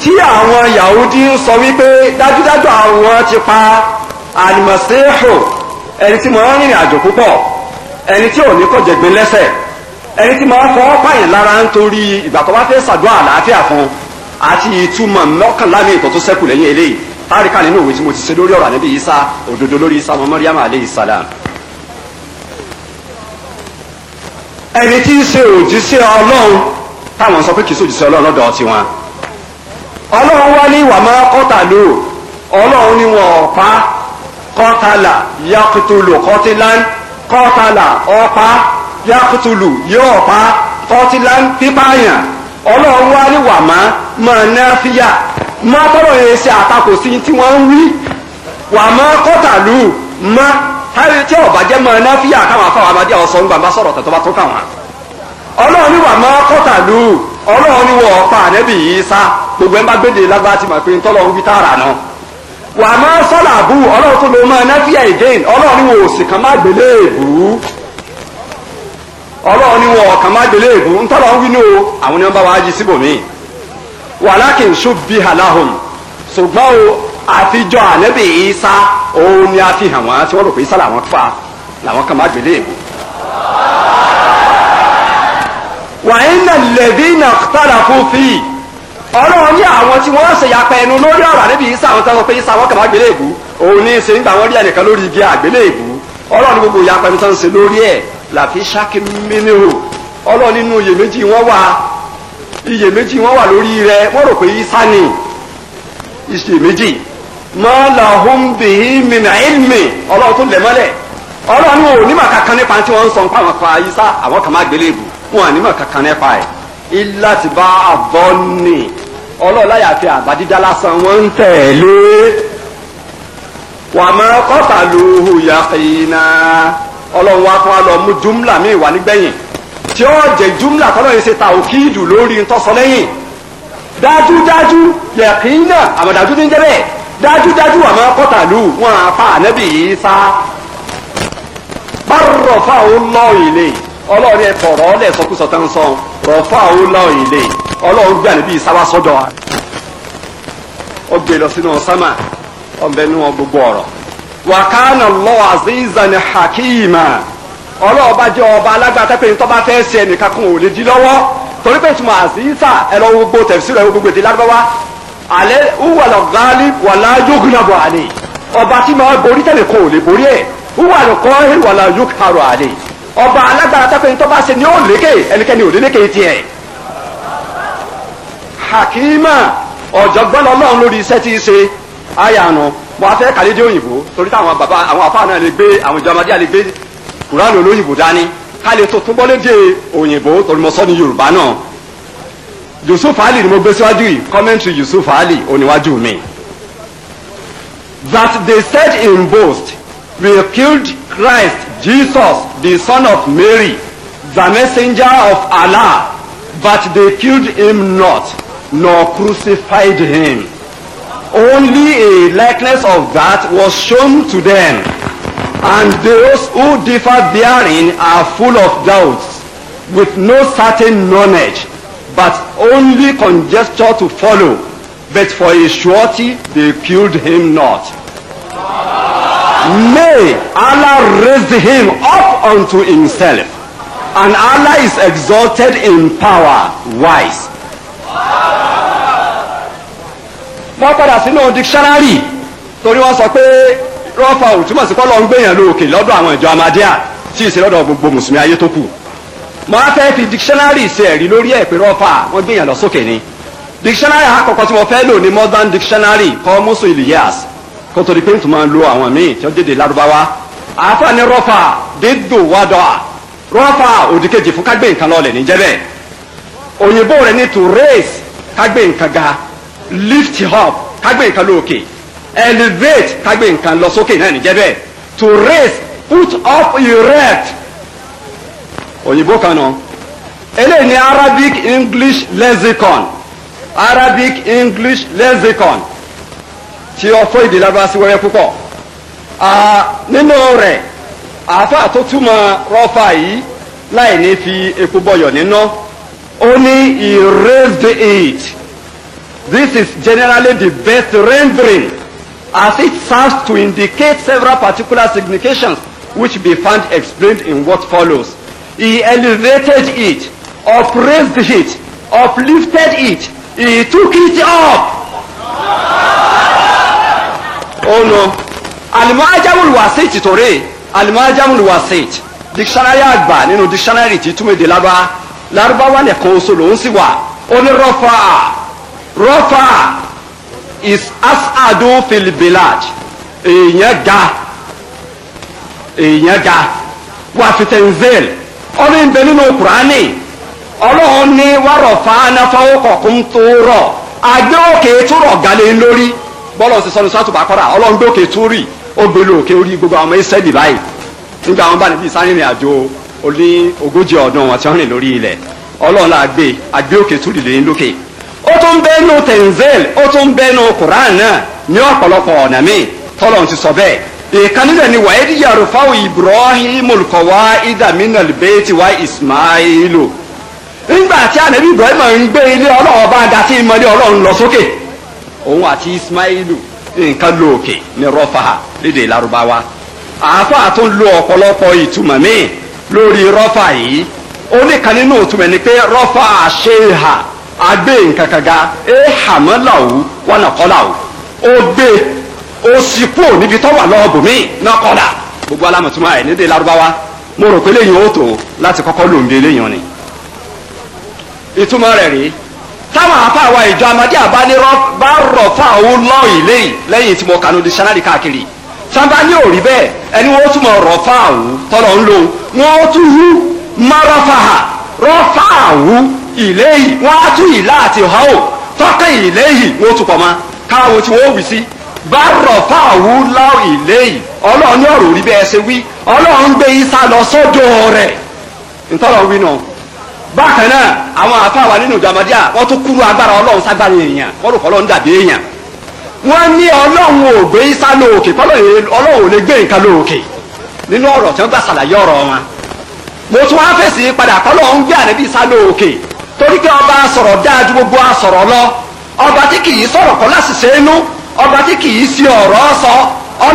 Speaker 1: tí àwọn yahudi ń sọ wípé dájúdájú àwọn ti pa alimọ̀síhù ẹni tí mo ń rìnrìn àjò púpọ̀ ẹni tí ò ní kò jẹ̀gbin lẹ́sẹ̀ ẹni tí mo ń fọwọ́ pààyàn lára nítorí ìgbà tó bá fẹ́ ṣàdúrà àlàáfíà fún àti ìtumọ̀ mọ́kànlá mi ìtọ́ tó sẹ́kù lẹ́yìn eléyìí táríkà nínú òwe tí mo ti ṣe lórí ọ̀rọ̀ ànábì Isa òdodo lórí Isa ọmọ Mọ́ríyámà alayhi salam. ẹni tí í ṣe òjíṣẹ́ Ọlọ́run táwọn sọ pé kì í ṣe Ọlọ́run lọ́dọ̀ ọtí wọn. Ọlọ́run wá ní ìwà máa kọ́tà lò Ọlọ́run ni wọn ọ̀pá kọ́tàlà yakutulu kọ́tìlán kọ́tàlà ọ̀pá yakutulu yóò pa kọ́tìlán pípààyàn ọlọ́run wá ní wàmá máa ná fíyà má tọrọ yẹn ṣe àtakò sí tí wọ́n ń wí wàmá kọ́tàlù má táyé tí ọ̀bà jẹ́ máa ná fíyà káwọn afáwọn amadé ọ̀sán ń gbàgbá sọ̀rọ̀ tẹ̀tọ́ bá tó káwọn ọlọ́run ní wàmá kọ́tàlù ọlọ́run ní wọ́n ọ̀pá ànẹ́bì yìí sá gbogbo ẹ̀ ń bá gbéde wà á máa sọ́làbù ọlọ́run tó lọ máa náfíà again ọlọ́run ni wọn ò sì kàn má gbélé èbú ọlọ́run ni wọn ò kàn má gbélé èbú ntọ́lọ́ ń wínú o àwọn ni wọ́n bá wàá jí síbòmí wàlákì nsú bí halahum ṣùgbọ́n o àfijọ́ ànẹ́bì ìsá òun ni a fi hàn wọ́n tí wọ́n rò pé ìsá làwọn fa làwọn kàn má gbélé èbú. wàá iná lẹ́bí náà tààrà fún fíì ọlọ́run ní àwọn tí wọ́n ṣe yapa ẹnu lórí ọ̀rọ̀ àdébí isa àwọn tán sọ pé isa wọn kàmá gbélébù òun ní í ṣe nígbà wọn rí ẹnìkan lórí igi àgbélébù ọlọ́run gbogbo yapa ẹnu tán ṣe lórí ẹ̀ làfi ṣáké mímírò ọlọ́run nínú iyèméjì wọn wà iyèméjì wọn wà lórí rẹ wọn rò pé isa ni iyèméjì mọ́lá húnbìhí mìnà ìlmì ọlọ́ọ̀láyà àti àbádídá lásán wọ́n ń tẹ̀lé wà má qataluhu yaqina ọlọ́run wa fún wa lọ mú júmlà mi wà nígbẹ̀yìn tí ó jẹ́ júmlà tọ́lọ́ yìí ṣe ta òkìdù lórí ntọ́sọ lẹ́yìn dájúdájú yaqina àmọ̀dájú ní jẹ́ bẹ́ẹ̀ dájúdájú wà má qataluhu wọn àfa ànábì yìí sá bá rọ̀ fáwọn lọ́ọ̀ ilé ọlọ́run ẹ̀ fọ̀rọ̀ ọ́ lẹ̀ sọkúsọ tán sọ́n rọ̀fà ọ̀húnláwọ̀ ilé ọlọ́run gbà níbi ìsáwá sọ́dọ̀ wa ó gbé lọ sínú sámà ọ̀bẹ́nu gbogbo ọ̀rọ̀ wa kana hakima jẹ́ ọba alágbàtà pé nítorí bá fẹ́ ṣe ẹnìkan lè di lọ́wọ́ torí pé ìtumọ̀ àzíza ẹ̀rọ gbogbo gbogbo èdè lárúbáwá alẹ́ wàlá àlè ọba tí máa borí tẹ̀lé kan ò lè borí ẹ̀ wúwàlọ̀ kọ́ wàlá ọba alágbára tó fẹ́ni tó bá ṣe ni ó lékè ẹnikẹ́ni ò lékè tiẹ̀. hakima ọ̀jọ̀gbọ́n lọ́lọ́run lórí iṣẹ́ tí ń ṣe ayanu mo afẹ́ kàlédé òyìnbó torí táwọn bàbá àwọn afá náà lè gbé àwọn ìjọba díà lè gbé kùránù olóyìnbó dání ká lè tó túbọ̀ lédè òyìnbó torí mo sọ ní yorùbá náà yusuf ali ni mo gbé síwájú yìí commentary yusuf ali oníwájú mi that they said in boast we killed Christ, Jesus, the son of Mary, the messenger of Allah, but they killed him not, nor crucified him. Only a likeness of that was shown to them, and those who differ therein are full of doubts, with no certain knowledge, but only conjecture to follow. But for a surety they killed him not. May Allah raise him up unto himself. And Allah is exalted in power, wise. Wọ́n padà sínú dictionary torí wọ́n sọ pé rọ́fà ò túmọ̀ sí kọ́ lọ́n gbèyàn lóòkè lọ́dọ̀ àwọn ìjọ amadíà tí ì ṣe lọ́dọ̀ gbogbo mùsùlùmí ayé tó kù. Mo á fẹ́ fi dictionary ṣe ẹ̀rí lórí ẹ̀ pé rọ́fà wọ́n gbèyàn lọ sókè ni. Dictionary àkọ́kọ́ tí mo fẹ́ lò ní modern dictionary kọ́ mùsùlùmí years kótóri pé ntoma lo àwọn míì tí wọ́n dédé Lárúbáwá àfààní rọ́fà dédò wádọ́à rọ́fà òdìkejì fún kágbé nǹkan lọ́ọ̀lẹ̀ níjẹ́ bẹ́ẹ̀ òyìnbó rẹ̀ ní to raise kágbé nǹkan ga lift up kágbé nǹkan lóòkè elevate kágbé nǹkan lọ sókè náà níjẹ́ bẹ́ẹ̀ to raise put up erect òyìnbó kan náà eléyìí ní Arabic English lexicon Arabic English lexicon tí ó fọ́ èdè Lárúbáwá sí wẹ́wẹ́ púpọ̀ nínú rẹ̀ àáfà tó túmọ̀ rọ́fà yìí láì ní fi epo bọyọ̀ nínú ó ní he raised it this is generally the best rendering as it serves to indicate several particular significations which be found explained in what follows he elevated it upraised it uplifted it he took it up ọ̀nà alimajamul wasit torí alimajamul wasit dictionary àgbà nínú dictionary ti túmọ̀ èdè lába lárúbáwá nìkan oṣù ló ń sì wà ó ní rọ́fà rọ́fà is asadu filibilad èèyàn ga èèyàn ga wà fi tẹ̀nzẹ́l ọ̀nà ìbẹ̀ nínú kùránì ọlọ́run ní wàrọ̀ fa anáfáwọ́ kọ̀ọ̀kan tó rọ̀ àgbẹ̀ òkè tó rọ̀ galẹ̀ lórí. bọ́lọ̀ ti sọnù akọrọ bàkọ́rà ọlọ́run gbé òkè túrì ó gbé orí gbogbo àwọn ìsẹ́lì báyìí nígbà wọn bá níbi sáré ìrìn àjò ogójì wọn ti rìn lórí ilẹ̀ gbé lókè ó tún ó tún náà ní ọ̀pọ̀lọpọ̀ ọ̀nà míì ti sọ bẹ́ẹ̀ ni wàá yíyá ibrahim olùkọ́wá wa ismailu nígbà tí ibrahim ń gbé ilé òun àti ismailu nǹkan lo òkè ní rọfà lédè larubawa àáfà tó ń lo ọ̀pọ̀lọpọ̀ ìtumọ̀ míì lórí rọfà yìí ó ní kan nínú ìtumọ̀ ni pé rọfà àṣehà agbé nǹkan kan ga é hàmọ́làwù wọnàkọ́làwù ó gbé ó sì kúrò níbi lọ́ọ̀bù míì gbogbo alámọ̀túnmọ̀ ẹ̀ lédè larubawa mo rò pé ó tó láti kọ́kọ́ lòun bí eléyìn ni ìtumọ̀ rẹ̀ táwọn afáwa ìjọ amadé àbánirọ bá rọ fáwọn lọ́ọ̀yìn lẹ́yìn lẹ́yìn tí mo kànú disanari káàkiri sábà ní òrí bẹ́ẹ̀ ẹni wọ́n tún mọ̀ rọ fáwọn tọ́lọ̀ ń lò wọ́n tún hú mọ́rọ́fàá rọ fáwọn ìléyìí wọ́n á tún ìlà àti họ́ọ̀ tọ́kẹ́ ìléyìí wọ́n tún pọ̀ mọ́ káwọn tí wọ́n wì sí bá rọ̀ fáwọn láwọn ìléyìí ọlọ́run ní ọ̀rọ̀ orí bẹ́ẹ̀ ṣe wí ọlọ́run gbé isa lọ sọ́dọ̀ rẹ̀ ntọ́lọ́ wí náà. bákan náà àwọn àfáà wa nínú jamadia wọ́n tún kúrú agbára ọlọ́run ságbára èèyàn wọ́n rò kọ́lọ́ dàbí èèyàn ní ọlọrun ò gbé lóòkè ò lè gbé nǹkan lóòkè nínú tí bá ṣàlàyé wọn mo tún wá fèsì padà gbé lóòkè torí pé ọba sọ̀rọ̀ dáa gbogbo asọ̀rọ̀ lọ ọba tí kì í sọ ọba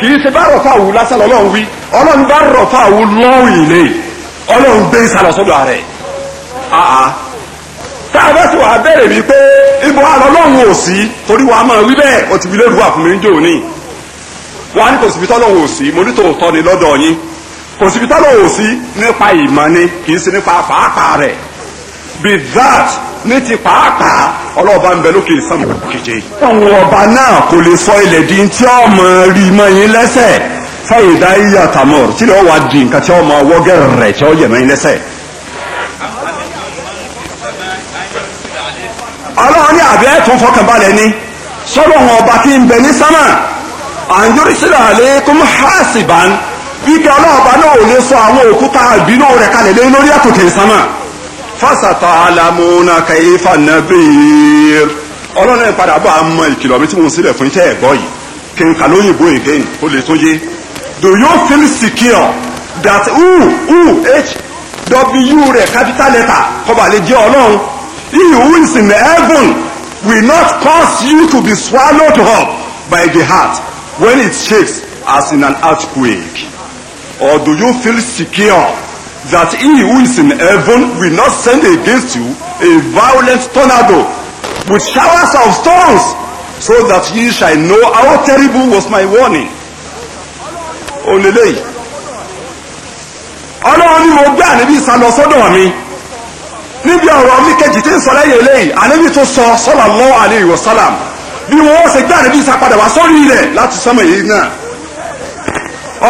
Speaker 1: kì í ṣe bá rọ̀fà wù lásán ọlọ́run wí ọlọ́run bá rọ̀fà wù lọ́wọ́ ilé ọlọ́run gbé ìsàlọ̀ e sọ́dọ̀ ààrẹ àà tá a bá sì wà á bẹ̀rẹ̀ wí pé ibo alọ́lọ́run ò sí torí wàá máa wí bẹ́ẹ̀ o ti fi lérú àfúnmi ń jò ní wàá ní kò síbi tọ́lọ́run ò sí mo ní tòótọ́ ni lọ́dọ̀ yín kò síbi tọ́lọ́run ò sí nípa ìmọ̀ ni kì í ṣe nípa pàápàá rẹ̀ be that ní ti pàápàá ọlọ́ọ̀bá ń bẹ lókè sánmà keje. àwọn ọba náà kò lè sọ ilẹ̀ di tí ọmọ rí mọ́ yín lẹ́sẹ̀ fẹ́yì dá yíyá tamọ́r tí lọ́ọ́ wá di nǹkan tí ọmọ wọ́gẹ́rẹ̀ rẹ̀ tí ó yẹ̀ mọ́ yín lẹ́sẹ̀. ọlọ́run ní àbẹ́ tún fọkànbalẹ̀ ni sọ́dọ̀ àwọn ọba tí ń bẹ ní sánmà àǹjórí sílẹ̀ àlékún hásìbán wípé ọlọ́ọ̀bá náà ò lè sọ àwọn òkúta ìbínú rẹ̀ kalẹ̀ lórí àtòkè sánmà fásità alamuna kẹfà nàbìr ọlọ́run padà bọ́ àmọ́ ìkìlọ̀ mi tí mo ń sílẹ̀ fún iṣẹ́ ẹ̀gbọ́ yìí kí n kà lóyìnbó again ó lè tún yé do you feel secure that u u h w rẹ̀ capital letter kọba lè jẹ́ ọlọ́run he who is in heaven will not cause you to be swallowed up by the heart when it shakes as in an earthquake or do you feel secure that he who is in heaven will not send against you a violent tornado with showers of stones so that ye shall know how terrible was my warning. Olele ọlọ́run ni mo gbé ànábì sá lọ sọ́dọ̀ mi níbi ọ̀rọ̀ mi kejì tí ń sọ lẹ́yìn eléyìí ànábì tó sọ sallallahu alaihi wasallam bí wọ́n ṣe gbé ànábì sá padà wá sórí ilẹ̀ láti sọ́mọ̀ yìí náà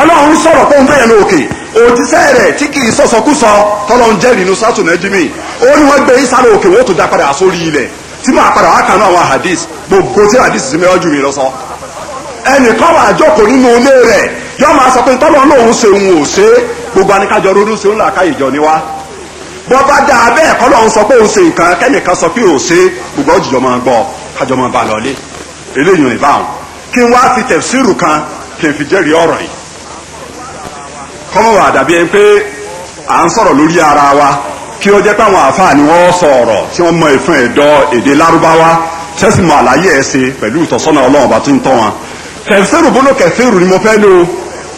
Speaker 1: ọlọ́run sọ̀rọ̀ pé ń bẹ̀rẹ̀ ní òkè òjíṣẹ́ rẹ̀ tí kì í sọ̀sọ̀kúsọ tọ́lọ́ ń jẹ́rìí inú sátò nẹ́jìmì ó ní wọ́n gbé ìsàlẹ̀ òkè wọ́n tó dá padà sórí ilẹ̀ tí máa padà wá kanú àwọn hadith gbogbo tí hadith sì mẹ́wọ́ jù mí lọ sọ. ẹnìkan wà jókòó nínú ilé rẹ̀ yọ máa sọ pé tọ́lọ́ lòun ṣe òun ò ṣe gbogbo anìkájọ ronú ṣe òun làkà ìjọ ni wá. bọ́ bá dá abẹ́ ẹ̀kọ́ lọ́hún sọ pé òun ṣe nǹkan kẹ́nìkan sọ pé ò ṣe gbogbo ọ̀jìjọ máa gbọ́ kájọ máa balọ̀ lé eléyìí ìbáwọn kí n kọ́mọ̀ wà dàbí ẹni pé à ń sọ̀rọ̀ lórí ara wa kí ó jẹ́ pé àwọn àáfàá ni wọ́n sọ̀rọ̀ tí wọ́n mọ ìfún ẹ̀dọ́ èdè lárúbáwá tẹ́sí mọ àlàyé ẹ̀ ṣe pẹ̀lú ìtọ́sọ́nà ọlọ́run bá ti ń tọ́ wọn. tẹ̀síṣẹ́rù bólú kẹfẹ́rù ni mo fẹ́ lò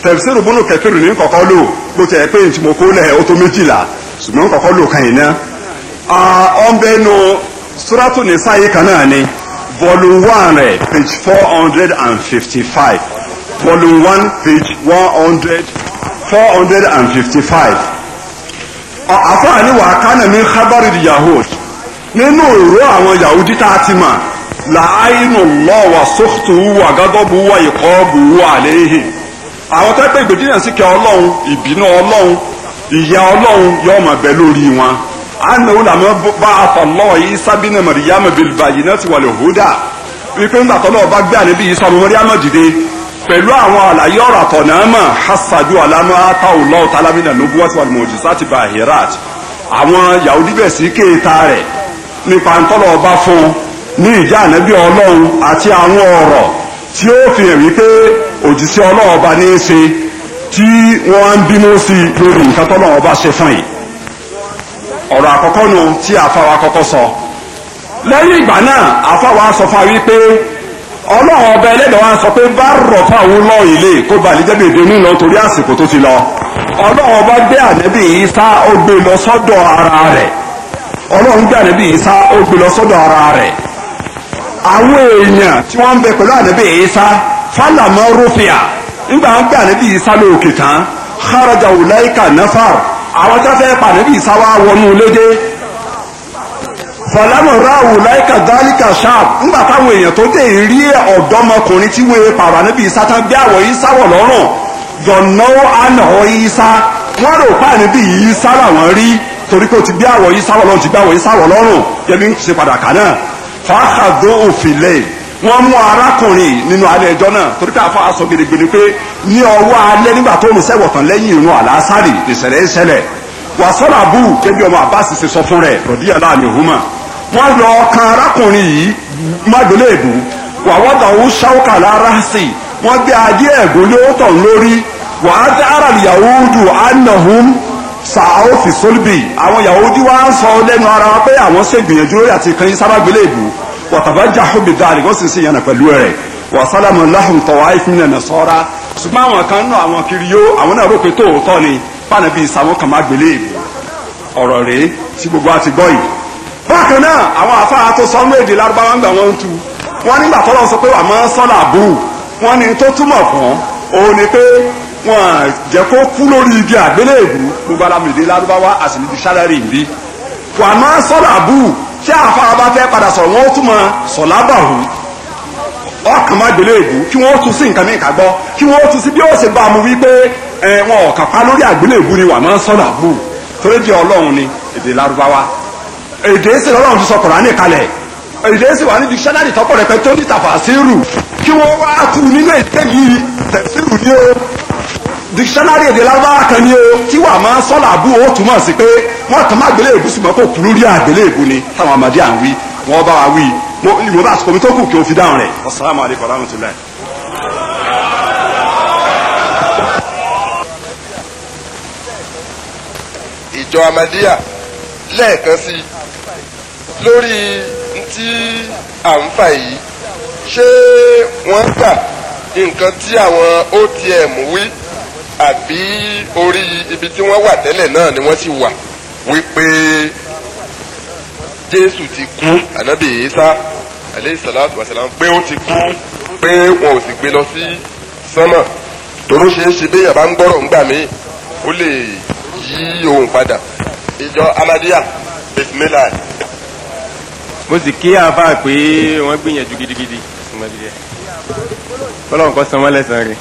Speaker 1: tẹ̀síṣẹ́rù bólú kẹfẹ́rù ni kọ̀kọ́ lò bó ti ẹ̀ pé ní tí mo kó lẹ̀ ó tó méjìlá ṣùgbọ́n kọ̀kọ́ lò kàn yín náà. ọ̀nbẹ́nu suratu nisa'i kan náà ni volume one rẹ̀ page four hundred and fifty five volume one page one hundred four hundred and fifty five àfààní wà kánà ní khabaril yahud nínú òró àwọn yahudi tá a ti mà làáyínú lọ́wọ́ sókòtò wà gádọ́bù wà ìkọ́bù wà léhìn àwọn tó pé ìgbèjìyà sí kẹ ọlọ́run ìbínú ọlọ́run ìyà ọlọ́run yóò máa bẹ lórí wọn ànáwó làmọ́ bá àfọlọ́wọ́ yìí sábínà mọ̀rìyàmọ̀ bíi bàyìí náà ti wà lè hó wípé ńgbà tó bá gbé àníbí yìí sọ́ọ́ pẹ̀lú àwọn àlàyé ọ̀rọ̀ àtọ̀nàmọ̀ hasadu alamu atahu lọ́wọ́ talamina nubu wàtí wàlúmọ̀ òjì sáti bá hirat àwọn yahudi bẹ̀ sí kéèta rẹ̀ nípa ntọ́lọ̀ ọba fún ní ìjà ànábì ọlọ́run àti àwọn ọ̀rọ̀ tí ó fi hàn wípé òjìṣẹ́ ọlọ́run ọba ní í ṣe tí wọ́n ń bínú sí i lórí nǹkan tọ́lọ̀ ọba ṣe fún yìí ọ̀rọ̀ àkọ́kọ́ nu tí àfa wa kọ́kọ́ sọ lẹ́yìn ìgbà náà àfa wa sọ fún wa wípé ọlọ́run ọba ẹlẹ́dàá wa sọ pé bá rọ̀ fáwọn lọ ilé kó balẹ̀ jẹ́ bèbè nílọ torí àsìkò tó ti lọ ọlọ́run ọba gbé ànẹ́bí Ìsá ó gbé lọ sọ́dọ̀ ara rẹ̀ ọlọ́run gbé ànẹ́bí Ìsá ó gbé lọ sọ́dọ̀ ara rẹ̀ àwọn èèyàn tí wọ́n ń bẹ pẹ̀lú ànẹ́bí Ìsá fálàmọ́ rúfìà nígbà wọn gbé ànẹ́bí Ìsá lóòkè tán kharaja ulaika nafar àwọn tó fẹ́ pàdé bí Ìsá wa wọnú lédè fọlámù ráàwù láìka dálíkà sharp ńgbà táwọn èèyàn tó dé rí ọ̀dọ́mọkùnrin tí wọ́n pààrà níbi sátán gbé àwọ̀ ìsá wọ̀ lọ́rùn yọ̀nàwó àná ìsá wọ́n rò pa níbi ìsá làwọn rí torí pé o ti gbé àwọ̀ ìsá wọ̀ lọ́rùn ti gbé àwọ̀ ìsá wọ̀ lọ́rùn yẹmi ń ṣe padà kà náà fàákàdó òfìlẹ̀ wọ́n mú arákùnrin nínú alẹ́ ẹjọ́ náà torí pé àfa aṣọ gidigbidi pé ní ọwọ́ wọ́n lọ kan arákùnrin yìí mọ́dúnléèbù wàwọ́dà ó ṣáwókà lára sí wọ́n gbé adé ẹ̀gún lóòótọ́ lórí wàá dá ara yahudu anahum sàáwó fi sólbì àwọn yahudi wá ń sọ lẹ́nu ara wọn pé àwọn ṣègbìyànjú lórí àti kan yín sábàgbéléèbù wàtàbá jahu bi dáàlì wọ́n sì ń ṣèyànnà pẹ̀lú rẹ̀ wà sálàmù láhùn tọ̀wá ìfúnnẹ̀ nà sọ́ra ṣùgbọ́n àwọn kan náà àwọn kiri yó àwọn náà rò pé tóòótọ́ ni pàànà bíi sàwọn kàn má gbélé ọ̀rọ̀ rèé tí gbogbo àti gbọ́ yìí bákan náà àwọn àfáà tó sọnú èdè lárúbáwá ń gbà wọ́n ń tu wọ́n nígbà tọ́lọ́ sọ pé wà mọ́ sọ́là bù wọ́n ní tó túmọ̀ fún òun ni pé wọ́n jẹ́ kó kú lórí igi àgbélébù gbogbo alámìlẹ̀ lárúbáwá àsìlẹ̀ ju sálárì ń bí wà mọ́ sọ́là bù tí àfáà bá fẹ́ padà sọ̀rọ̀ wọ́n túmọ̀ sọ̀lábàhù ọkàn má gbélébù kí wọ́n tún sí nǹkan ní ìkàgbọ́ kí wọ́n tún sí bí ó ṣe bá mu wípé wọn ọ̀kàpá lórí àgbélébù ni wà mọ́ sọ́là bù torí di ọlọ́run ni èdè lárúbáwá èdè sì lọ́wọ́ ti sọ kùránì kalẹ̀ èdè sì wà ní dictionary tọ́pọ̀ rẹ̀ tó ní tàfàṣírù kí wọ́n wá kú nínú èdè yìí tẹ̀sírù ni o dictionary èdè lábára kan ni o tí wàá máa sọ́là bú o túmọ̀ sí pé wọ́n kàn má gbélé èbú ṣùgbọ́n kò kú lórí àgbélé èbú ni táwọn amadi à ń wí wọ́n bá wa wí mo bá sọ mi tó kù kí o fi dáhùn rẹ̀ asalaamualeykum wa rahmatulahi. ìjọ lẹ́ẹ̀kan sí i lórí tí à ń fà yìí ṣé wọ́n gbà nǹkan tí àwọn OTM wí àbí orí ibi tí wọ́n wà tẹ́lẹ̀ náà ni wọ́n sì wà wípé Jésù ti kú ànábì Ìsá aleyhi salatu wa salam pé ó ti kú pé wọn ò sì gbé lọ sí sánmà tòró ṣeé ṣe bí yàrá ń gbọ́rọ̀ ńgbà mí ó lè yí ohun padà ìjọ Ahmadiyya bismillah
Speaker 2: mo sì kí àáfàá pé wọ́n gbìyànjú gidigidi kọ́lọ́n kọ́ san wọ́n lẹ́sàn-án rẹ̀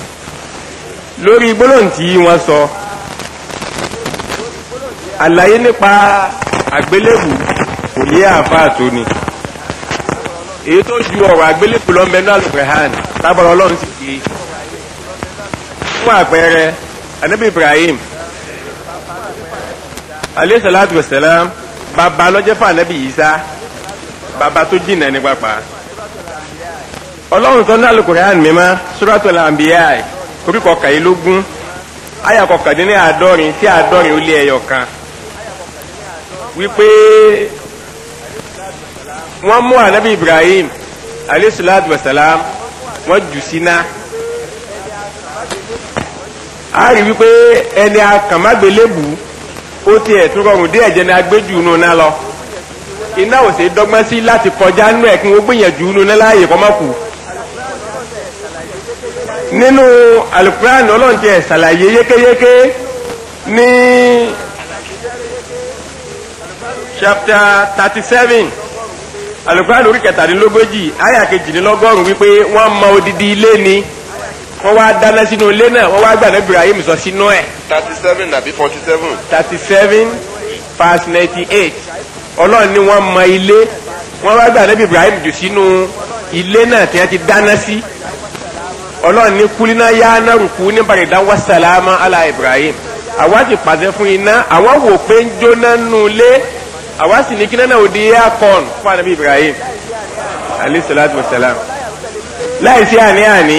Speaker 2: lórí gbólóhùn tí wọ́n sọ àlàyé nípa àgbélébù kò yé àáfàá tó ni èyí tó ju ọ̀rọ̀ àgbélébù lọ́mẹ́nu àlùkùrán tábọ̀rọ̀ ọlọ́run sì gbé fún àpẹẹrẹ anabi Ibrahim aleyhi salatu wa salam bàbá lọ́jọ́ fún anabi Isa bàbá tó jìnnà ní pàpà. ọlọ́run tó ní alukur'an mímọ́ suratul anbiya orí kọkànlélógún àyà kọkàndínní àádọ́rin sí àádọ́rin ó lé ẹyọ kan wípé wọ́n mú anabi ibrahim alayhi salatu wa salam wọ́n jù síná a rí wípé ẹni akànmágbélébù ó tiẹ̀ tún rọrùn díẹ̀ jẹ́ ni agbéjù náà lọ iná ò sí dọ́gbọ́n sí láti kọjá nínú ẹ̀kún ó gbìyànjú nínú láàyè kọ́ má kú. nínú alukurani ọlọ́run tiẹ̀ ṣàlàyé yékéyéké ní chapter thirty seven alukurani orí kẹtàdínlógójì àyà kejìdínlọ́gọ́rùn wípé wọ́n mọ odidi ilé ni wọ́n wá dáná sínú ilé náà wọ́n wá gbàdá Ibrahim sọ sínú ẹ̀. thirty seven àbí forty seven. thirty seven verse ninety eight ọlọ́run ni wọ́n mọ ilé wọ́n wá gbà nẹ́bí Ibrahim jù sínú ilé náà tí wọ́n ti dáná sí ọlọ́run ni kúlínà yá náà rùkú ní bàrẹ̀dá wà sàlámà àlà Ibrahim àwa ti pàṣẹ fún iná àwa wò pé ń jóná nù lé àwa sì ní kí náà ò di aircon fún ànábì Ibrahim alayhi salatu wa salam láì sí àní-àní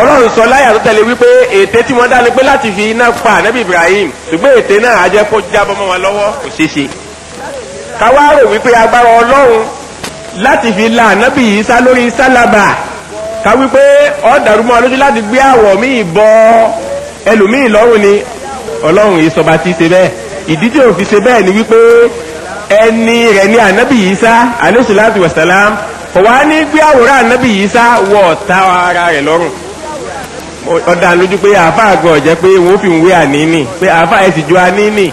Speaker 2: ọlọ́run sọ láyà tó tẹ̀lé wípé ète tí wọ́n dá ni pé láti fi iná pa ànábì Ibrahim ṣùgbọ́n ète náà á kó jábọ́ mọ́ wọn lọ́wọ́ kò ṣeé ṣe káwá rò wípé agbára ọlọ́run láti fi la ànábì Ìsá lórí sálábà ká wípé ọ̀dàrúmọ́ lójú láti gbé àwọ̀ míì bọ ẹlòmíì lọ́rùn ni ọlọ́run ìsọba ti ṣe bẹ́ẹ̀ ìdí tí òfin ṣe bẹ́ẹ̀ ni wípé ẹni rẹ̀ ni ànábì Ìsá alayhi salatu wassalam kò wá ní gbé àwòrán ànábì Ìsá wọ ọ̀tá ara rẹ̀ lọ́rùn ọ̀dà lójú pé àáfàá àgọ̀ jẹ́ pé wọ́n fi ń wé àníní pé àáfàá ẹ̀ sì ju àníní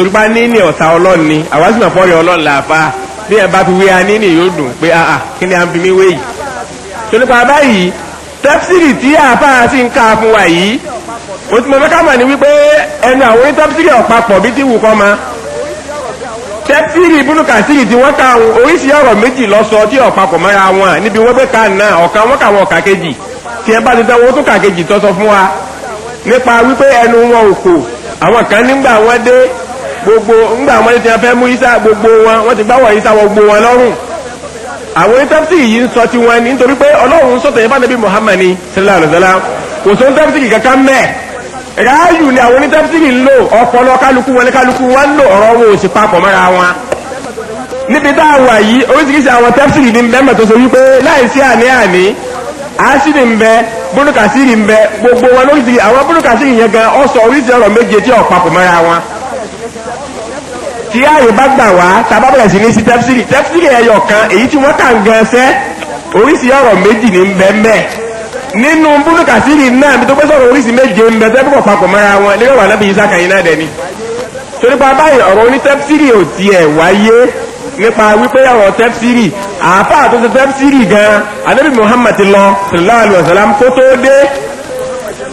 Speaker 2: torí pa níní ọ̀tá ọlọ́run ni àwa sì máa fọ́ọ̀rẹ́ ọlọ́run làáfà bí ẹ bá fi wé a níní yóò dùn pé àà kí ni à ń fi mí wé yìí torí pa báyìí tẹ́psìlì tí àáfà sì ń ká fún wa yìí o ti mọ fẹ́ ká mọ̀ ní wípé ẹnu àwọn orí tẹ́psìlì ọ̀pápọ̀ bí ti wù kọ́ ma tẹ́psìlì ibùdó kàtìlì tí wọ́n ka oríṣi ọ̀rọ̀ méjì lọ́sọ tí ọ̀pápọ̀ mọ́ra wọn níbi wọ́n gbé ká náà ọ̀kan wọ́n kà wọn ọ̀kà kejì tí ẹ bá ti dáwọ́ tún kà kejì tọ́sọ fún wa nípa wípé ẹnu wọn ò kò àwọn kan nígbà wọn dé gbogbo ńgbà wọn ti fẹ́ mú isa gbogbo wọn wọ́n ti gbáwọ̀ isa wọ gbogbo wọn lọ́rùn àwọn onítẹ́pítì yìí ń sọ ti wọn ni nítorí pé ọlọ́run yẹn bá nàbí Muhammad kò sọ kankan ráàyù ni àwọn onítẹ́pítì ń lò ọpọlọ kálukú wọn ni kálukú wọn ń lò ọ̀rọ̀ wọn ò sì wọn níbi tá a wà yìí oríṣiríṣi àwọn tẹ́pítì ní bẹ́ẹ̀ tó wípé láìsí àní àní gbogbo wọn lóríṣiríṣi àwọn búrúkàsìrì yẹn gan ọ̀sọ̀ oríṣiríṣi ọ̀rọ̀ méje tí tí ààyè bá gbà wá tàbá bẹ̀rẹ̀ sí ní sí tẹ́psìlì tẹ́psìlì ẹyọ kan èyí tí wọ́n kà ń gan ṣẹ́ oríṣi ọ̀rọ̀ méjì ní bẹ́ẹ̀ nínú búlùkàsílì náà bí tó pẹ́ sọ̀rọ̀ oríṣi méje ń bẹ tẹ́pùpọ̀ papọ̀ mọ́ra wọn nígbà wà lábẹ́ ìsáka yìí náà dẹ̀ni torí pa báyìí ọ̀rọ̀ oní tẹ́psìlì ò tiẹ̀ wáyé nípa wípé ọ̀rọ̀ tẹ́psìlì àáfàá tó ti tẹ́psìlì gan anábì Muhammad lọ sallallahu alaihi wasallam kó tó dé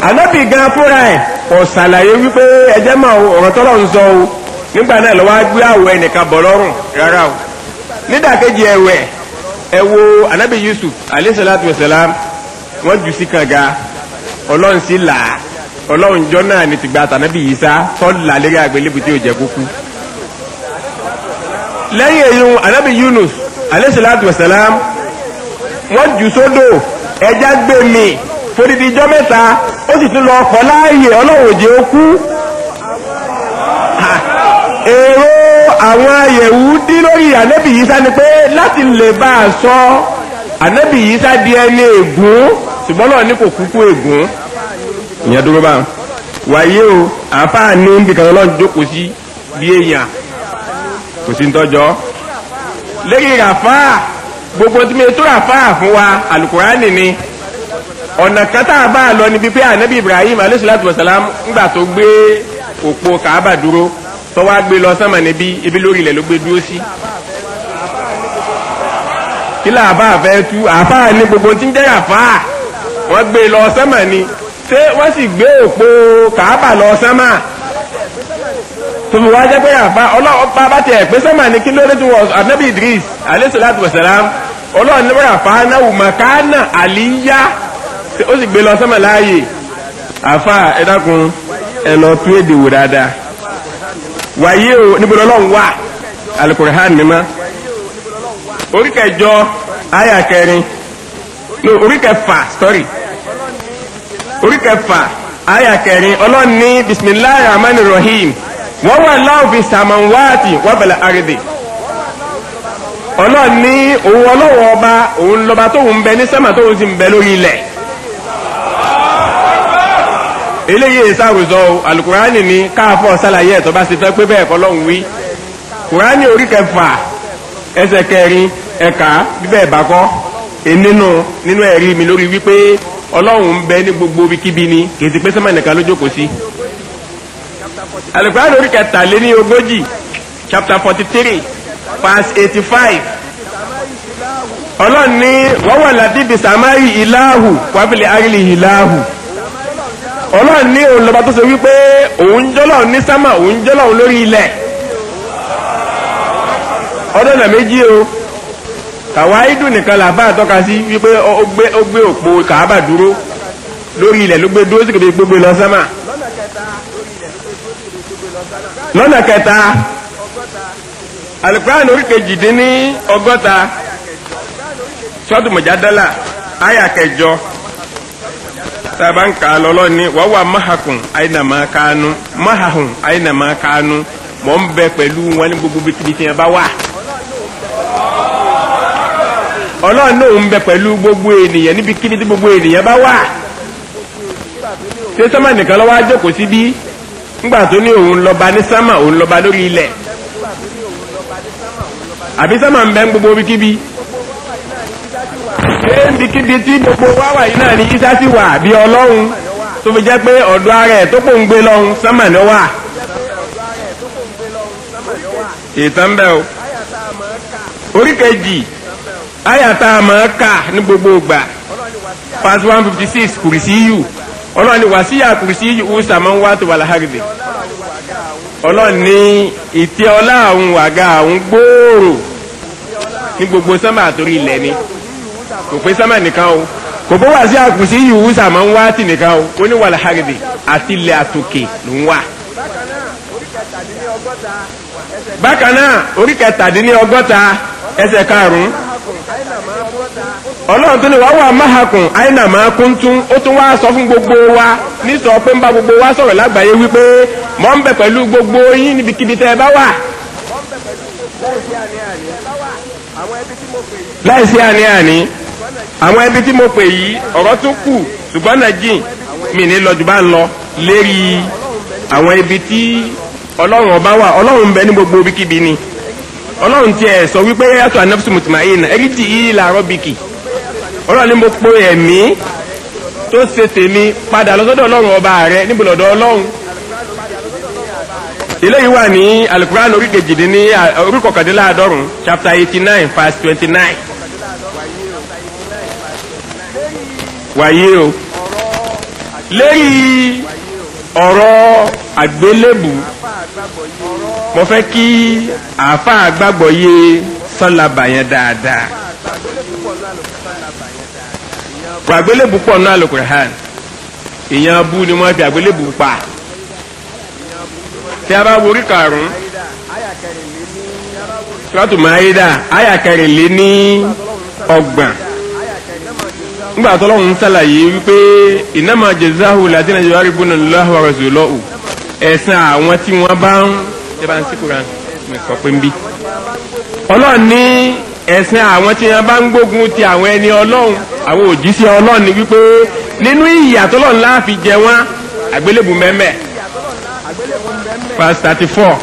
Speaker 2: anábì gan fúnra ẹ̀ kò ṣàlàyé wípé ẹjẹ́ mọ̀ ọ̀rọ̀ tọ́lọ́ ń sọ o nígbà náà lọ́wọ́ gbé àwọ̀ ẹnìkan bọ̀ lọ́rùn rárá o nídàkejì ẹ̀wẹ̀ ẹ wo anabi yusuf alayhi salatu wa salam wọ́n jù sí kànga ọlọ́run sí là á ọlọ́run jọ náà ni tìgbà àtànábì yìí sá tọ́lá lérí àgbélébù tí ò jẹ́ kúkú. lẹ́yìn èyí anábì yunus aleyhisalatu wasalam wọ́n jù sódò ẹja gbé mi fòdìdí ijọ́ mẹ́ta ó sì tún lọ ọkọ̀ láàyè ọlọ́run òjì ó kú àwọn Yẹhudi lórí ànábì Ìsá ni pé láti lè bá a sọ ànábì Ìsá di ẹni ègún ṣùgbọ́n náà ní kò kúkú ègún ìyẹn dúró bá wáyé o àáfàá ní nbìkan náà jókòó sí bí èèyàn kò sí ń tọ́jọ́ ràfáà gbogbo tí mi tó ràfáà fún wa alukurani ni ọ̀nà kan tá a bá a lọ níbi pé ànábì Ibrahim alayhi salatu wa salam ńgbà tó gbé òpó Kaaba dúró tó wá gbé lọ sánmà níbí ibi lórí ilẹ̀ ló gbé dúró sí kílà àbá fẹ́ tú àfá ní gbogbo tí ń jẹ́ àfá wọ́n gbé lọ sánmà ni ṣé wọ́n sì gbé òpó kàábà lọ sánmà tòmù wá jẹ́ pé àfá ọlọ́ọ̀pá bá tiẹ̀ pé sánmà ni kí lórí tí wọ́n ànábì Idris alayhi salatu salam ọlọ́ọ̀ ní wọ́n àfá náà mọ̀kánà àlíyá ó sì gbé lọ sánmà láàyè àfá ẹ dákun ẹ lọ tú èdè wò dáadáa. wàyí o níbo lọ́lọ́run wà alukurahan mímọ́ orí kẹjọ àyà kẹrin no orí kẹfà sorry orí kẹfà àyà kẹrin ọlọ́run ní bisimilahi rahman rahim wọ́n wà sàmánwáàtì wọ́n àrídì ọlọ́run ní ọba òun lọ́ba tóun bẹ ní sẹ́mà sì eléyìí sàròzọ o alukurani ni káfọ sàlàyé ẹ̀tọ́ bá ṣe fẹ́ pé bẹ́ẹ̀ kọ́lọ́hún wí kurani orí kẹfà ẹsẹ̀ kẹrin ẹ̀ka bíbẹ̀ bá kọ́ nínú nínú ẹ̀rí mi lórí wípé ọlọ́run ń bẹ ní gbogbo ibikíbi ni kì í ti pé sẹ́mà nìkan ló jókòó sí. alukurani orí kẹta lé ní ogójì chapter forty three verse eighty five ọlọ́run ní wọ́n wà ládìbì sàmáyì ìláhù wàbílẹ̀ àrílì ìláhù. ọlọ́run ní òun lọ́ba tó ṣe wípé òun jọ́lọ́run ní sámà òun lórí ilẹ̀ ọdún ọ̀nà méjì o tàwáídù nìkan làbá àtọ́ka sí wípé ó gbé ó gbé òpó kàábà dúró lórí ilẹ̀ ló gbé dúró sí kébé gbogbo lọ sámà lọ́nà kẹta alukuraani orí kejìdínní ọgọ́ta dọ́là kẹjọ. tábà ń kà á lọ́lọ́ ni wàá wà máhàkùn àyìnàmá anụ ma àyìnàmá bẹ wọn gbogbo bíkíbi tí bá wà. ọlọ́run náà ń bẹ gbogbo ènìyàn níbi tí gbogbo ènìyàn bá wà. ṣé sọ́mà nìkan lọ́wọ́ á jókòó síbí ńgbà tó ní òun lọ́ba ní òun lọ́ba gbogbo bíkíbi. ṣé níbikíbi tí gbogbo wa wà yìí náà ni isa sì wà bí ọlọ́run tó fi jẹ́ pé ọ̀dọ̀ ara ẹ̀ tó pòun gbé lọ́hùn sánmà ni ó wà. ìtàn bẹ́ẹ̀ o orí kejì ayàtà àmọ́ kà ní gbogbo ìgbà past one fifty six kùrìsì yù ọlọ́run ni wàsíyà kùrìsì yù ó sàmọ́ wá tó wà láhàrìdè ọlọ́run ní ìtẹ́ ọlá àwọn àga àwọn gbòòrò ní gbogbo sánmà àtòrí ilẹ̀ ni. Olani, kò pé sámà nìkan o kò bó wà sí àkùsí nwa sàmà ń wá tì nìkan o ó ní wàlá haribi àti ilẹ̀ àtòkè ló ń wà. bákan náà orí kẹtàdínlọ́gọ́ta ẹsẹ̀ karùn-ún ọlọ́run tó ní wàá wà máhàkùn àìnà máa kún tún ó tún gbogbo wa nísọ pé ń bá gbogbo wa sọ̀rọ̀ lágbàáyé wípé gbogbo yín níbikíbi tẹ́ ẹ wà. láìsí àní àní. àwọn ẹbí tí mo pè yìí ọ̀rọ̀ tún kù ṣùgbọ́n náà jìn mi ní lọ jù bá ń lọ lérí àwọn ibi tí ọlọ́run ọba wà ọlọ́run ń bẹ ní gbogbo ibikíbi ni ọlọ́run tiẹ̀ sọ wípé yàtọ̀ anafsu mutmaina eriti yìí làárọ̀ bìkì ọlọ́run ní mo pe ẹ̀mí tó ṣe tèmi padà lọ́sọ́dọ̀ ọlọ́run ọba rẹ níbo lọ́dọ̀ ọlọ́run eléyìí wà ní alukuran orí kejìdínní orí kọkàndínláàdọ́rùn chapter eighty nine verse twenty nine. wáyé o lérí ọ̀rọ̀ àgbélébù mo fẹ́ kí àáfàá gbàgbọ́ yé sọ́làbà yẹn dáadáa àgbélébù pọ̀ náà Al-Qur'an èèyàn abú ni wọ́n fi àgbélébù pa tí a bá worí karùn-ún Suratul Maida àyà kẹrìnlẹ́ ní ọgbọ̀n nígbà tó lọ́hùn ṣàlàyé wípé innama jazahu ladina yuharibuna Allaha wa rasulahu ẹ̀san àwọn tí wọ́n bá ń ṣe bá ń síkúra sọ pé ń bí. ọlọ́run ní ẹ̀san àwọn tí wọ́n bá ń gbógun ti àwọn ẹni ọlọ́run àwọn òjíṣẹ́ ọlọ́run ni wípé nínú ìyà tó jẹ wọ́n àgbélébù mẹ́mẹ́ verse thirty four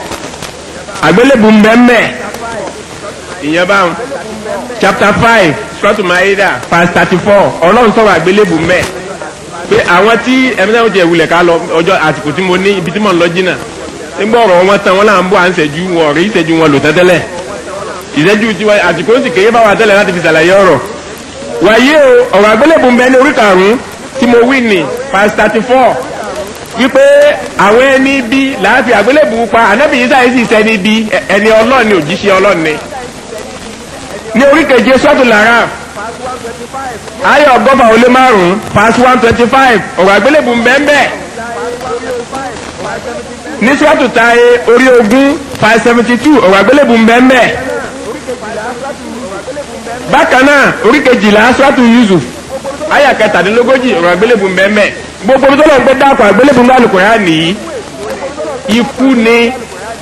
Speaker 2: àgbélébù mẹ́mẹ́ ìyẹn báwọn chapter five sùràtù maida verse thirty four ọlọ́run sọ̀rọ̀ àgbélébù mẹ́ pé àwọn tí ẹ̀mẹ́tẹ́ ọ̀jẹ̀ ìwulẹ̀ ká lọ ọjọ́ àsìkò tí mo ní ibi tí mò ń lọ jìnnà nígbà ọ̀rọ̀ wọn tán wọn là ń bọ̀ à ń ṣẹ́jú wọn rí ìṣẹ́jú wọn lò tẹ́tẹ́lẹ̀ ìṣẹ́jú tiwa àsìkò ó sì kéye bá wa tẹ́lẹ̀ láti fi ṣàlàyé ọ̀rọ̀ wàyé o ọ̀rọ̀ àgbélébù ń bẹ ní orí karùn-ún tí mo wí ní verse thirty four wípé àwọn ẹni bí làá fi àgbélébù pa ànábìyí sáyé sì sẹ́ni bí ẹni ọlọ́ọ̀ni òjíṣẹ́ ọlọ́ọ̀ni ní orí keje sọ́tù lára ayé ọgọ́fà ó lé márùn-ún pass one twenty five ọ̀rọ̀ àgbélébù ń bẹ́ẹ̀ bẹ́ẹ̀ ní sọ́tù táyé orí ogún five seventy two ọ̀rọ̀ àgbélébù ń bẹ́ẹ̀ bẹ́ẹ̀ bákan náà orí kejìlá sọ́tù Yusuf ayé kẹtàdínlógójì ọ̀rọ̀ àgbélébù ń bẹ́ẹ̀ bẹ́ẹ̀ gbogbo omi tó lọ ń gbé dáàkọ̀ àgbélébù ń bá lùkọ̀ yá nìyí ikú ni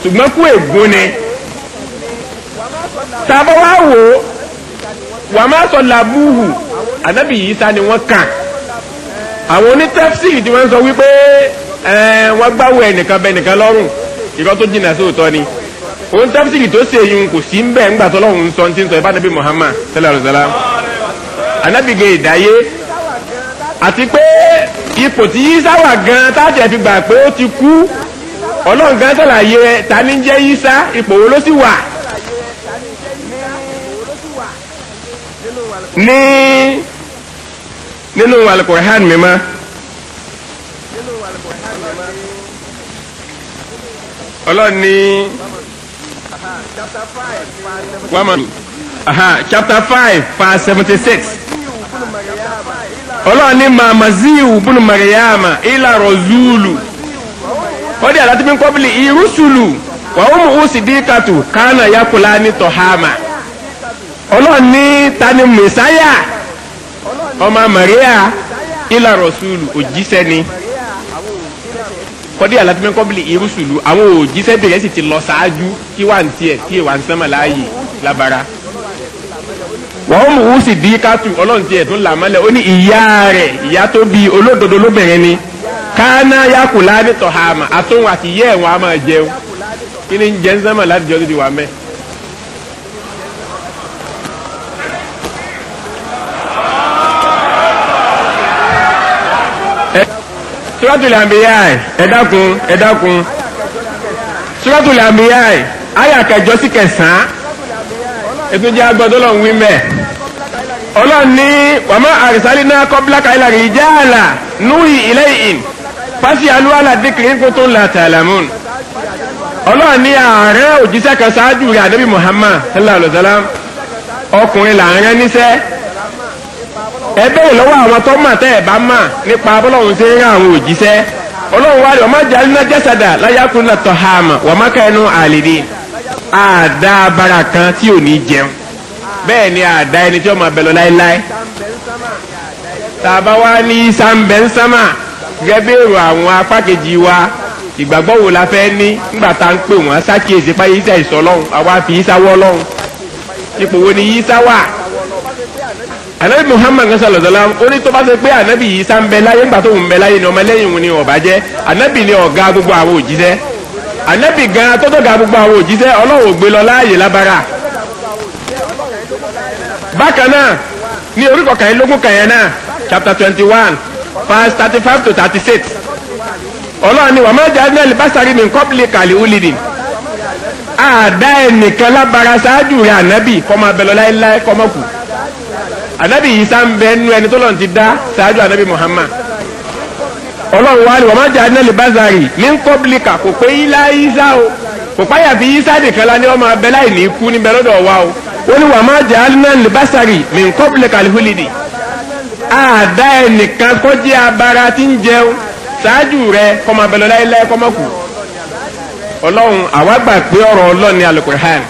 Speaker 2: ṣùgbọ́n kú ègún ni. tàbá wá wò ó wà má sọ làbúhù ànábì Ìsá ni wọ́n kàn àwọn onítẹ́fsì tí wọ́n sọ wípé wọ́n gbáwò ẹnìkan bẹ nìkan lọ́rùn ìrọ́ tó jìnnà sí òótọ́ ni òun tó ṣe yìí kò sí ń bẹ̀ ńgbà tó lọ́hùn sọ ti ń sọ ìbánabi Muhammad sallallahu alaihi wasallam ànábì gẹ̀ ìdáyé àti pé ipò tí ti kú ta jẹ́ ní nínú alukur'an mímọ́ ọlọ́ni wàmọ̀ chapter five verse seventy six ọlọ́ni mamaziu bunu mariama ila rozulu ó dé àlátí mi kọ́bìlì irusulu wàhùn mu usidikatu kánà yakula ní tọ́hámà ọlọ́run ní tani mẹsáyà ọmọ Maria ìlà rọ̀ṣùlù òjíṣẹ́ ni kọ́dí àlàfíà kọ́bìlì irúṣùlù àwọn òjíṣẹ́ bẹ̀rẹ̀ sì ti lọ ṣáájú kí wà ń tiẹ̀ kí wà ń sánmà láàyè lábara wọ́n mú un sì di kátù ọlọ́run tiẹ̀ tó là mọ́lẹ̀ ó ní ìyá rẹ̀ ìyá tó bi olódodo lóbìnrin ni kánà yakùlá ní tọ̀hàmà àtúnwò àti yẹ́ ẹ̀wọ̀n á máa jẹun kí ni jẹ́ ń láti jọ́ tó ti wà mẹ́ẹ̀. suratul anbiya ẹ dákun ẹ dákun suratul anbiya àyà kẹjọ sí kẹsàn-án ètùjẹ́ agbọ́dọ́lọ́ ń wí mẹ́ ọlọ́run ní wàmọ́ àrísálí náà kọ́bílákà ìlànà ìjà àlà núhì ilé ìhìn pàṣẹ alúwàlà dìkìrì ń kó tó ń la tàlámùn ọlọ́run ní ààrẹ òjíṣẹ́ kan ṣáájú rẹ̀ àdébí Muhammad sallallahu alayhi wa sallam ọkùnrin làárẹ̀ níṣẹ́ ẹ bẹ̀rẹ̀ lọ́wọ́ àwọn tó mà tẹ́ ẹ bá mà nípa bọ́lọ́run ṣe ń rán àwọn òjíṣẹ́ ọlọ́run wá rí ọmọ ajá iná jẹ́sàdà láyàkùn náà tọ̀ hàmà wà má kẹ́nu àlèdè àdá abara kan tí ò ní jẹun ni àdá ẹni tí ó máa bẹ̀ lọ láéláé tàbá wá ní sàmbẹ́nsámà gẹ́gẹ́ bí èrò àwọn apá kejì wa ìgbàgbọ́ ní tá à ń àwa fi ipò wo wà. anabi muhammad sallallahu alaihi wa sallam ó ní tó bá ṣe pé anabi yìí sá ń bẹ láyé ńgbà tó ń bẹ láyé ni ọmọlẹ́yìn òun ni ọba jẹ́ anabi ni ọ̀gá gbogbo àwọn òjíṣẹ́ anabi gan tó dọ̀gá gbogbo àwọn òjíṣẹ́ ọlọ́run ò gbé lọ láàyè lábára bákan náà ní orúkọ kàyẹ́lógún kàyẹ́ náà chapter twenty one verse thirty five to thirty six ọlọ́run ni wàá má jẹ́ adínẹ́lì básárì mi kọ́pìlì kàlí ulidin àdá ẹnìkan lábára ṣáájú rẹ̀ ànábì kọ́ máa bẹ̀ lọ láéláé kọ́ máa kù anabi isan ń bẹ nínú ẹni tó lọ́n ti dá ṣáájú anabi muhammad ọlọ́run wa ni wọ́n má jẹ́ adínẹ́lì bazari ní kọ́bílíkà kò pé ilá isa o kò páyà fi isa nìkan la ni wọ́n máa bẹ láì ní ikú níbẹ̀ lọ́dọ̀ wa o ó ní wọ́n má jẹ́ adínẹ́lì bazari ní kọ́bílíkà lihulidi àdá ẹnìkan kọjá abara tí ń jẹun ṣáájú rẹ kọ́ máa bẹ lọ láéláé kọ́ mọ́kù ọlọ́run àwa gbà pé ọ̀rọ̀ ọlọ́run ni alukur'an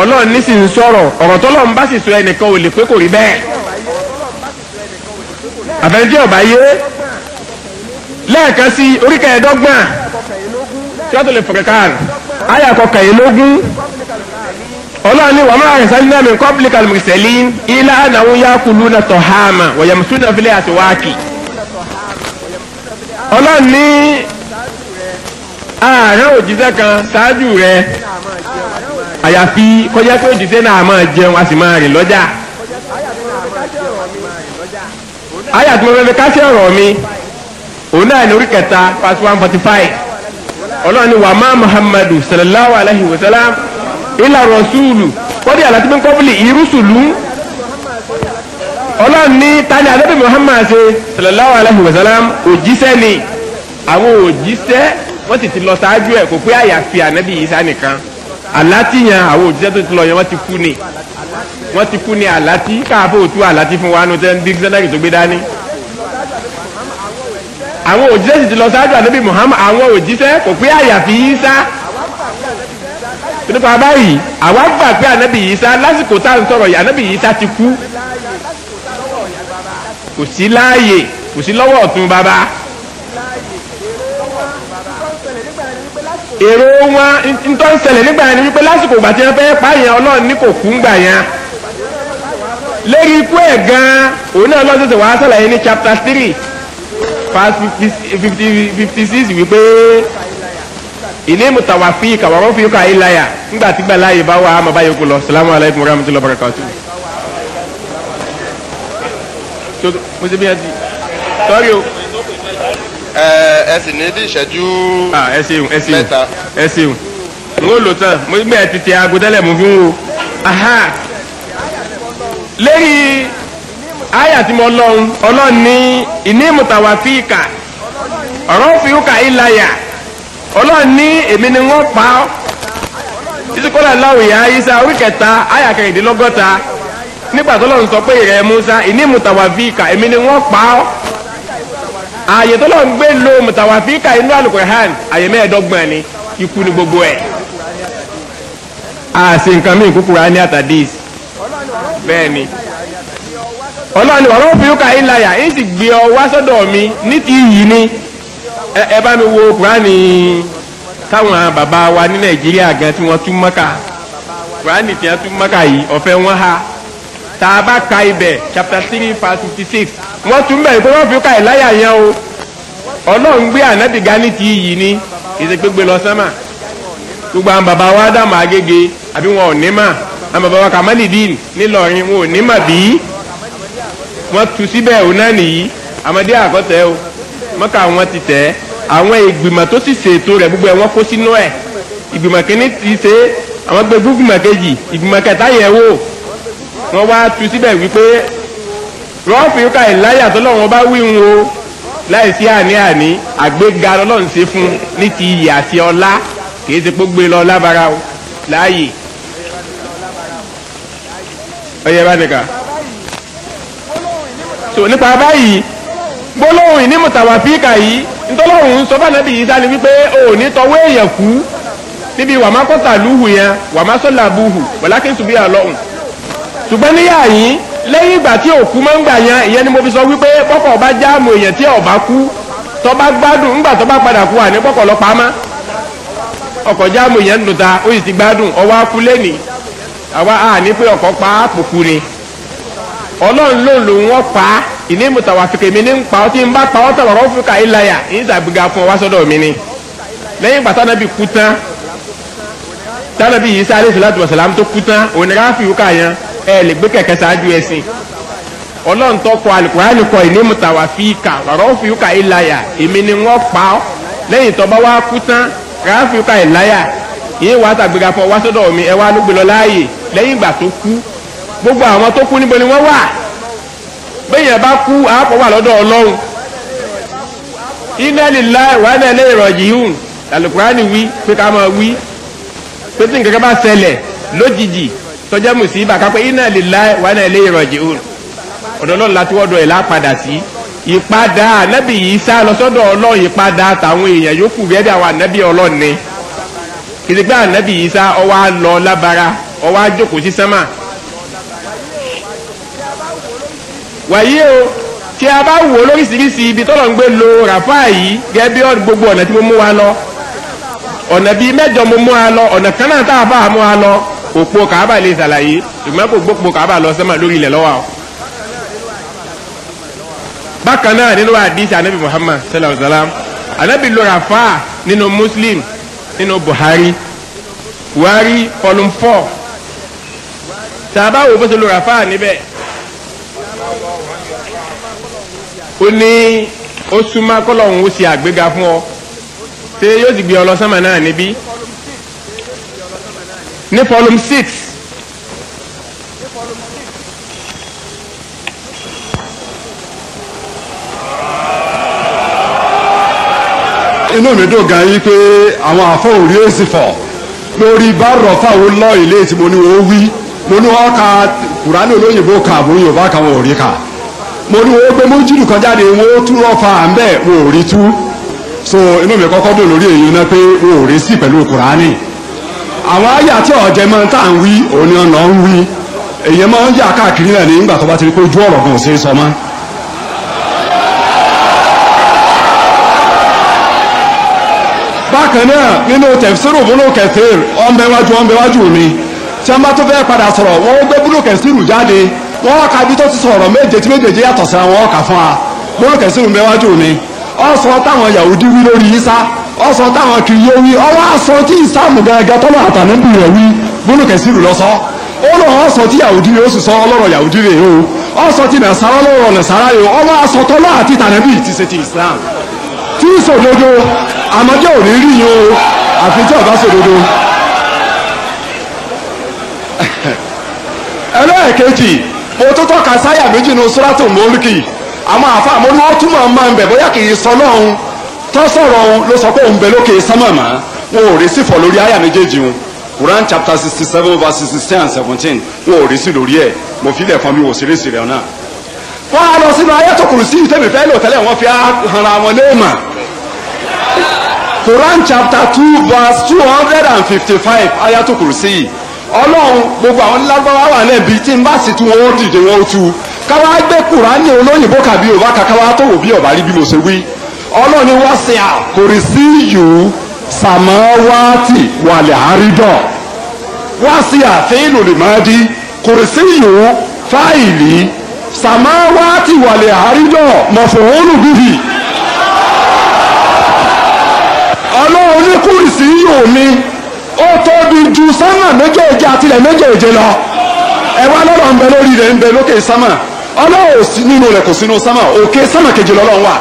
Speaker 2: ọlọ́run ní sì ń sọ̀rọ̀ ọ̀rọ̀ tọ́lọ́run bá sì sọ ẹnìkan ò lè pé kò rí bẹ́ẹ̀ àfẹnjẹ ọba yé lẹ́ẹ̀kan sí oríkà ẹ̀ẹ́dọ́gbọ̀n tíwátò lè fọkẹ káàrì àyà kọkànlélógún ọlọ́run ní wàmúra àrẹ̀sán náà mi kọ́pìlì kàlùmùsẹ̀lì ilá àdáwó yá kulú na tọ̀háàmà wọ̀yẹ̀mùsù náà fílẹ̀ àtiwáàkì ọlọ́run ní àárẹ̀ òjíṣẹ́ kan ṣáájú rẹ̀ àyàfi kọjá pé òjíṣẹ́ náà máa jẹun a sì máa rìn lọ́jà àyà tí mo fẹ́ fi kásí ọ̀rọ̀ mi òun náà ní orí kẹta past one forty five ọlọ́run ni wà má muhammadu sallallahu alayhi wa sallam ilà rọ̀ṣúùlù kọ́dí àlàtí min qabli ìrúsùlù ọlọ́run ní tani àdébí muhammad ṣe sallallahu alayhi wa sallam òjíṣẹ́ ni àwọn òjíṣẹ́ wọ́n sì ti lọ ṣáájú ẹ̀ kò pé àyàfi ànábì Ìsá nìkan àlátì yẹn àwọn òjíṣẹ́ tó ti lọ yẹn wọ́n ti kú ni wọ́n ti kú ni àlátì káàfó tú àlátì fún wa nùtẹ́ ní dígísẹ́nẹ́rì tó gbé dání. àwọn òjíṣẹ́ sì ti lọ sáájú ànábì Muhammad àwọn òjíṣẹ́ kò pé àyàfi Ìsá nípa báyìí àwa gbà pé ànábì Ìsá lásìkò tá à ń sọ̀rọ̀ yìí ànábì Ìsá ti kú kò sí láàyè kò sí lọ́wọ́ ọ̀tún bàbá. èrò wọn ntọ́ ń ṣẹlẹ̀ nígbà yẹn ni wípé lásìkò ìgbà tí wọ́n fẹ́ pààyàn ọlọ́run ní kò kú gbà yẹn lérí ikú ẹ̀ gan-an òun náà lọ́sẹ̀ tẹ̀ wá sàlàyé ní chapter three verse fifty six wípé ilé mutawa fi kàwárọ̀ fi kà ìlàyà ńgbà tí gbàláyè bá wà á máa bá yòókù lọ salamu alaykum wa rahmatulahi wa barakatu. sori o. ẹ sì ní bí ìṣẹ́jú ah, mẹ́ta. ẹ ṣeun n ó lò tán mo gbẹ tètè aago mo fi ń wo lẹ́yìn àyà tí mo lọ́hùn ọlọ́run ní ìní mùtàwá fíìkà ọ̀rọ̀ fíìkà n'i, ọlọ́run ní èmi ni wọ́n pa ọ́ ìsìkọ́lá láwùyá isa orí kẹta àyà kẹrìndínlọ́gọ́ta nígbà tó lọ́run sọ pé ìrẹ̀ musa ìní mùtàwá fíìkà èmi ni wọ́n pa ọ́. ààyè tó lọ gbé lo mùtàwáfíkà inú alukur'an ààyè mẹ́ẹ̀ẹ́dọ́gbọ̀n ni ikú ni gbogbo ẹ̀ àṣe nǹkan mí kúkúrú ní àtàdís bẹ́ẹ̀ ni ọlọ́run ni ọ̀rọ̀ yín láyà yín sì ọ wá sọ́dọ̀ mi ní ti ni ẹ bá mi wo kúránì táwọn bàbá wa ní nàìjíríà gan tí wọ́n tún mọ́kà kúránì tí wọ́n tún ha. tá a ka ibẹ̀ chapter three verse fifty six wọ́n tún bẹ̀ pé wọ́n fi ka ìláyà yẹn o ọlọ́run gbé ànábì gani ti yìí ni ìsègbègbè lọ sánmà gbogbo àwọn bàbá wa dààmú agége àbí wọn ò ní mà àwọn bàbá wa kàmálìdín nílọrin wọn ò ní mà bí wọ́n tu síbẹ̀ òun náà nìyí àmọ́dé àkọ́tẹ́ o mọ́kà wọn ti tẹ̀ àwọn ìgbìmọ̀ tó sì ṣètò rẹ̀ gbogbo ẹ̀ wọ́n kó sínú ẹ̀ ìgbìmọ̀ kìíní ti ṣe àwọn gbẹgbẹ́ ìgbìmọ̀ kejì ìgbìmọ̀ kẹta yẹ̀ wò wọ́n wá tu síbẹ̀ wípé rọ́ọ̀fìkà ìláyà tọ́lọ́wọ́n bá wíhun o láì sí àní-àní àgbéga lọ́lọ́run ṣe fún ní ti iyì àti ọlá kìí ṣe gbogbo lọ lábara o láàyè. ọyẹ bá nìkan. so nípa báyìí gbólóhùn ìní mùtàwáfíkà yìí ntọ́lọ́hùn ń sọ fànàbí yìí sani wípé o ní tọwọ́ èèyàn kú níbi wàmákọ́tà lùhù yẹn wàmásọ́là bùhù wàlákìntùbí àlọ́hùn ṣùgbọ́n níyà yìí lẹ́yìn ìgbà tí òkú máa ń gbà yan ìyẹn ni mo fi sọ wípé pọ́kọ̀ bá jáàmù èèyàn tí ọ̀bá kú tó bá gbádùn ńgbà tó bá padà kú àní pọ́kọ̀ lọ pamá ọkọ̀ jáàmù èèyàn dùn ta ó sì ti gbádùn ọwọ́ akú lẹ́nì àwa àní pé ọkọ̀ pa àpòkù ni ọlọ́run ló lò wọ́n pa ìní mùtàwà fìkè mi ní ń pa ọ́ tí ń bá pa ọ́ tọ̀rọ̀ ọ́ fún kàíláyà ń sàgbéga fún ọ wá sọ́dọ̀ mi ni lẹ́yìn ìgbà tánàbí kú tán tánàbí yìí sáré sàlátù wàsàlámù tó kú tán òun ni ráfì wúkà yẹn ẹ lè gbé kẹ̀kẹ́ ṣáájú ẹ̀sìn ọlọ́run tó kọ kọ ìní mùtàwá fi kà wàrọ̀ fi kà ìlàyà èmi ni wọ́n pa ọ́ lẹ́yìn bá wá kú tán rà fi kà ìlàyà tàgbéga fọ mi ẹ wá ló gbé lọ láàyè lẹ́yìn ìgbà tó kú gbogbo àwọn tó kú níbo ni wọ́n wà bẹ́yìn bá kú àápọ̀ wà lọ́dọ̀ ọlọ́run iná tọ́jẹ́ mùsíbà kápẹ́ inna lillahi wa inna ilayhi raji'un ọ̀dọ̀ ọlọ́run láti wọ́dọ̀ ẹ̀ lápadà sí ìpadà ànábì yìí sá lọ sọ́dọ̀ ọlọ́run ìpadà àtàwọn èèyàn yòókù bẹ́ẹ̀ bí àwọn ànábì ọlọ́run ni kìdìgbà ànábì yìí sá ó wá lọ lábara ó wá jókòó sí sánmà. wàyí o tí a bá wò lóríṣiríṣi ibi tọ́lọ̀ ń gbé lo ràfà yìí gẹ́gẹ́ gbogbo ọ̀nà tí mo mú wa lọ ọ̀nà bíi mẹ́jọ mo mú wa lọ ọ̀nà kan náà tá a bá a mú wa lọ òpó kàába lè ṣàlàyé ìgbọ́n kò gbópo kàába lọ sẹ́mà lórí ilẹ̀ lọ́wọ́ o. bákan náà nínú àdìsí anabi muhammad sallallahu alayhi wa sallam anabi lora fa nínú muslim nínú buhari buhari volume four tàbá wo bó ṣe lora fa níbẹ̀ ó ní ó súnmọ́ kọ́lọ̀ ń wò sí àgbéga fún ọ ṣé yóò sì gbé ọ lọ sẹ́mà náà níbí
Speaker 1: ní volume six inú mi dùn gan yìí pé àwọn àfọwòrí èsì fọ lórí bá rọ̀fà ó lọ ilé tí mo ní wọ́n wí mo ní wọ́n ka kùránì olóyìnbó ka àbúrò yorùbá kan wọn ò rí ka mo ní wọ́n gbé mójúlù kan jáde wọ́n ó tún rọ̀fà à ń bẹ̀ wọn ò rí tú so inú mi kọ́kọ́ dùn lórí èyí náà pé wọn ò rí sí pẹ̀lú kùránì àwọn àyà tí ọ̀jẹ̀ máa ń tà ń wí òun ni ọ̀nà ń wí èyàn máa ń yà káàkiri náà nígbà tó bá ti rí pé ojú ọ̀rọ̀ gan ò ṣe sọ mọ́. bákan náà nínú tẹ̀síìrù búlù kẹsìrì ọ̀nbẹ́wájú mi tí wọ́n bá tó fẹ́ padà sọ̀rọ̀ wọ́n gbé búlù kẹsìrì jáde wọ́n ka ibi tó ti sọ̀rọ̀ méje tí méjèèjì yàtọ̀ sí àwọn ọ̀kà fún wa búlù kẹsìrì ọ̀nbẹ́wájú mi ọ̀sọ̀ táwọn Yahudi wí lórí Isa ọsọ táwọn kiri yóò wí ọwọ́ aṣọ tí ìsáàmù gẹ́gẹ́ tọ́lọ́ àtàlẹ́bù rẹ̀ wí gbónú kẹsìrì lọ́sọ́ ó lọ ọsọ tí yahudi rẹ̀ ó sọ ọlọ́rọ̀ yahudi rẹ̀ o ọsọ tí nàṣàrà lọ́rọ̀ nàṣàrà rẹ̀ o ọwọ́ aṣọ tọ́lọ́ àti tàlẹ́bù ti ṣe ti islam tí ìṣòdodo àmọ́jọ́ ò ní rí yín o àfi tí ọ̀gá ṣòdodo. ẹlẹ́ẹ̀kejì mo tó tọ́ka sáyà méjì nu sóràtò mọ́lùkì àwọn àfa àmọ́ni wọ́n túmọ̀ tọ́sọ̀rọ̀ òun ló sọ pé òun bẹ lókè sámàmà wọn ò rí sí fọ lórí àyà méjèèjì wọn Quran chapter sixty seven verse sixteen and seventeen wọn ò rí sí lórí ẹ̀ mo fi ilẹ̀ fún mi wò sí rèsì rẹ̀ náà. wọ́n á lọ sínú ayé tó kùrù sí ìtẹ́mi fẹ́ lò tẹ́lẹ̀ wọ́n fi ara wọn léèmà. Quran chapter two verse two hundred and fifty five ayé tó kùrù sí yìí ọlọ́run gbogbo àwọn lágbára wà lẹ́bi tí n bá sì tún wọn ó dìde wọn ó tú káwá gbé Quran ní olóyìnbó kàbí òbá kàkáwá tó wò bí ọ̀bá rí bí mo ṣe wí ọlọ́run ni wọ́n sin à kò rí sí yù ú sàmọ́wátì wàlẹ̀ àrídọ̀ wọ́n sin àfihàn olùmọ́dí kò rí sí yù ú fáìlì sàmọ́wátì wàlẹ̀ àrídọ̀ mọ̀fọ̀wọ́lù bíbí. ọlọ́run ní kò rí sí yù mí ó tóbi ju sánmà méjèèjì àtìlẹ̀ méjèèjì lọ ẹ wá lọ́rọ̀ ń bẹ lórí rẹ̀ ń bẹ lókè sánmà ọlọ́run nínú rẹ̀ kò sínú sánmà òkè sánmà kejì lọ́lọ́run wà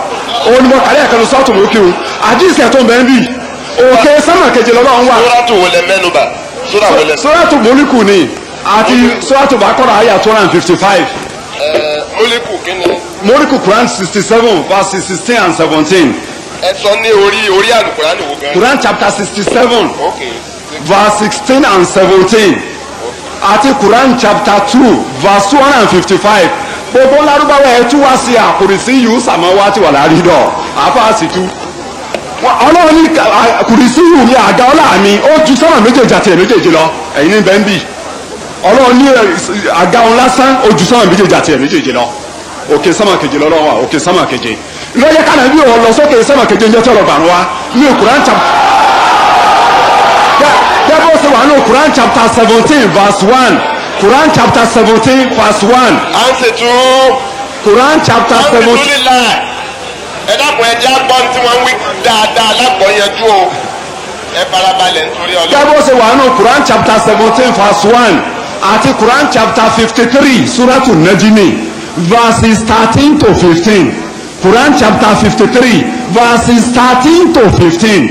Speaker 1: òun ni mo kàlẹ́ ẹ̀kan lọ sọ́ọ̀tù lókè o àdìsí ẹ̀ tó ń bì òkè sánmà keje lọ́wọ́ ń wà. sóràtù wọlé mẹ́nuba sóràtù mólíkù ni àti sóràtù bàkọ́rọ̀ àyà two hundred and fifty five. mólíkù kíni. mólíkù Quran sixty seven verse sixteen and seventeen. ẹ sọ ní orí orí àlùkùránì wo gan. Quran chapter sixty seven verse sixteen and seventeen àti Quran chapter two verse two hundred and fifty five. gbogbo lárúbáwá ẹ tú wá sí àkùrìsí yìí ti wà láàrin dọ̀ àfáàsì tú ọlọ́run ní kùrìsí yìí ní àga ọlá ó ju sọ́nà méjèèjì àti lọ ẹ̀yin ní bẹ́ẹ̀ ń ní àga òun lásán lọ òkè keje lọ́rọ́ wa òkè keje lọ́yẹ kánà bí o lọ sókè keje ń jẹ́ tí ní ṣe wà ní Quran chapter seventeen verse one. à ń ṣètò. Quran chapter seventeen. à ń ṣètò lílà ẹ dàpọ̀ ẹ jẹ́ àgbọ̀n tí wọ́n ń wí dáadáa lápọ̀ yẹjú o ẹ farabalẹ̀ nítorí ọlọ́run. gẹ́gẹ́ bó ṣe wà nù Quran chapter seventeen verse one àti Quran chapter fifty three suratu najimi verses thirteen to fifteen Quran chapter fifty three verses thirteen to fifteen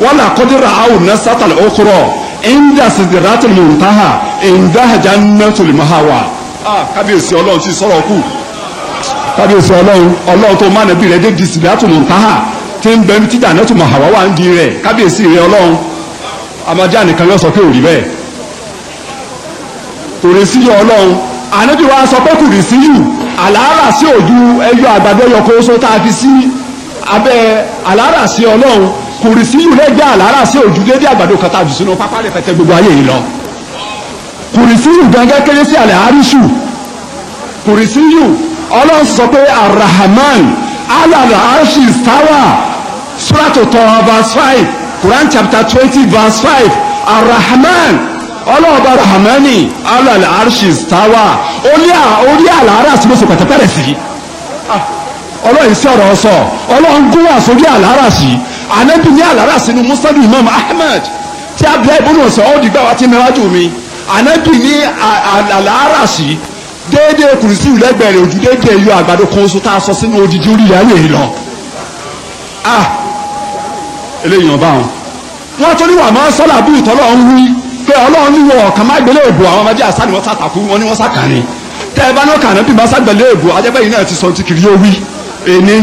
Speaker 1: wọ́n là kọ́dúrà áwùn náà sátàlẹ̀ ó kúrọ̀. inda sidratul muntaha inda jannatul mahawa ah, kábíyèsí ọlọ́run ti sọ̀rọ̀ kù kábíyèsí ọlọ́run ọlọ́run tó mánà bí rẹ̀ dé di sidratul muntaha ha ti bẹ́ẹ̀ tí ndị mahawa wà ń di rẹ̀ kábíyèsí rẹ̀ ọlọ́run amadé ànìkan yóò sọ pé òrí bẹ́ẹ̀ torí sí yọ ọlọ́run ànábì wa sọ pé kùrì sí yù àlàárà sí òjú ẹyọ kò rí sí yùlẹ̀ jẹ́ àlàárà sí ojú dédé àgbàdo kan tàbí sínú pápá rẹpẹtẹ gbogbo ayé yìí lọ kò rí sí yù gángan kéré sí àlẹ́ àríṣù kò rí sí yù ọlọ́run sọ pé arahaman alala arshi stawa surat tọ́wọ́ verse five quran chapter twenty verse five arahaman ọlọ́ọ̀bá rahamani alala arshi stawa orí àlàárà sí lóṣù pàtàkì rẹ̀ sí ah, ọlọ́run sí ọ̀rọ̀ sọ ọlọ́run gún wà sórí àlàárà sí anabi ní alára sínú musnadu imam ahmed tí abdullahi ibùdó ọ̀sẹ̀ ọ̀dì gbà wá ti mẹ́wájú mi anabi ní alára sí déédéé kùrìsì lẹ́gbẹ̀ẹ́ rẹ̀ ojú déédéé yọ àgbàdo kan oṣù tá a sọ sínú odidi orí ìyá rẹ̀ lọ. ah eléyìí wọn bá wọn. wọn tó ní wà máa sọ́là bí ìtọ́lọ́ ń wí pé ọlọ́run ní wọn ọ̀kan má gbélé èbò àwọn ọmọdé àṣà ni wọ́n sàtàkù wọn ni wọ́n sàkàní. tẹ́ ẹ bá náà kànáà bí màá sàgbẹ̀lẹ́ èbò ajẹ́bẹ́yìn náà ti sọ ti kiri ó wí. èmi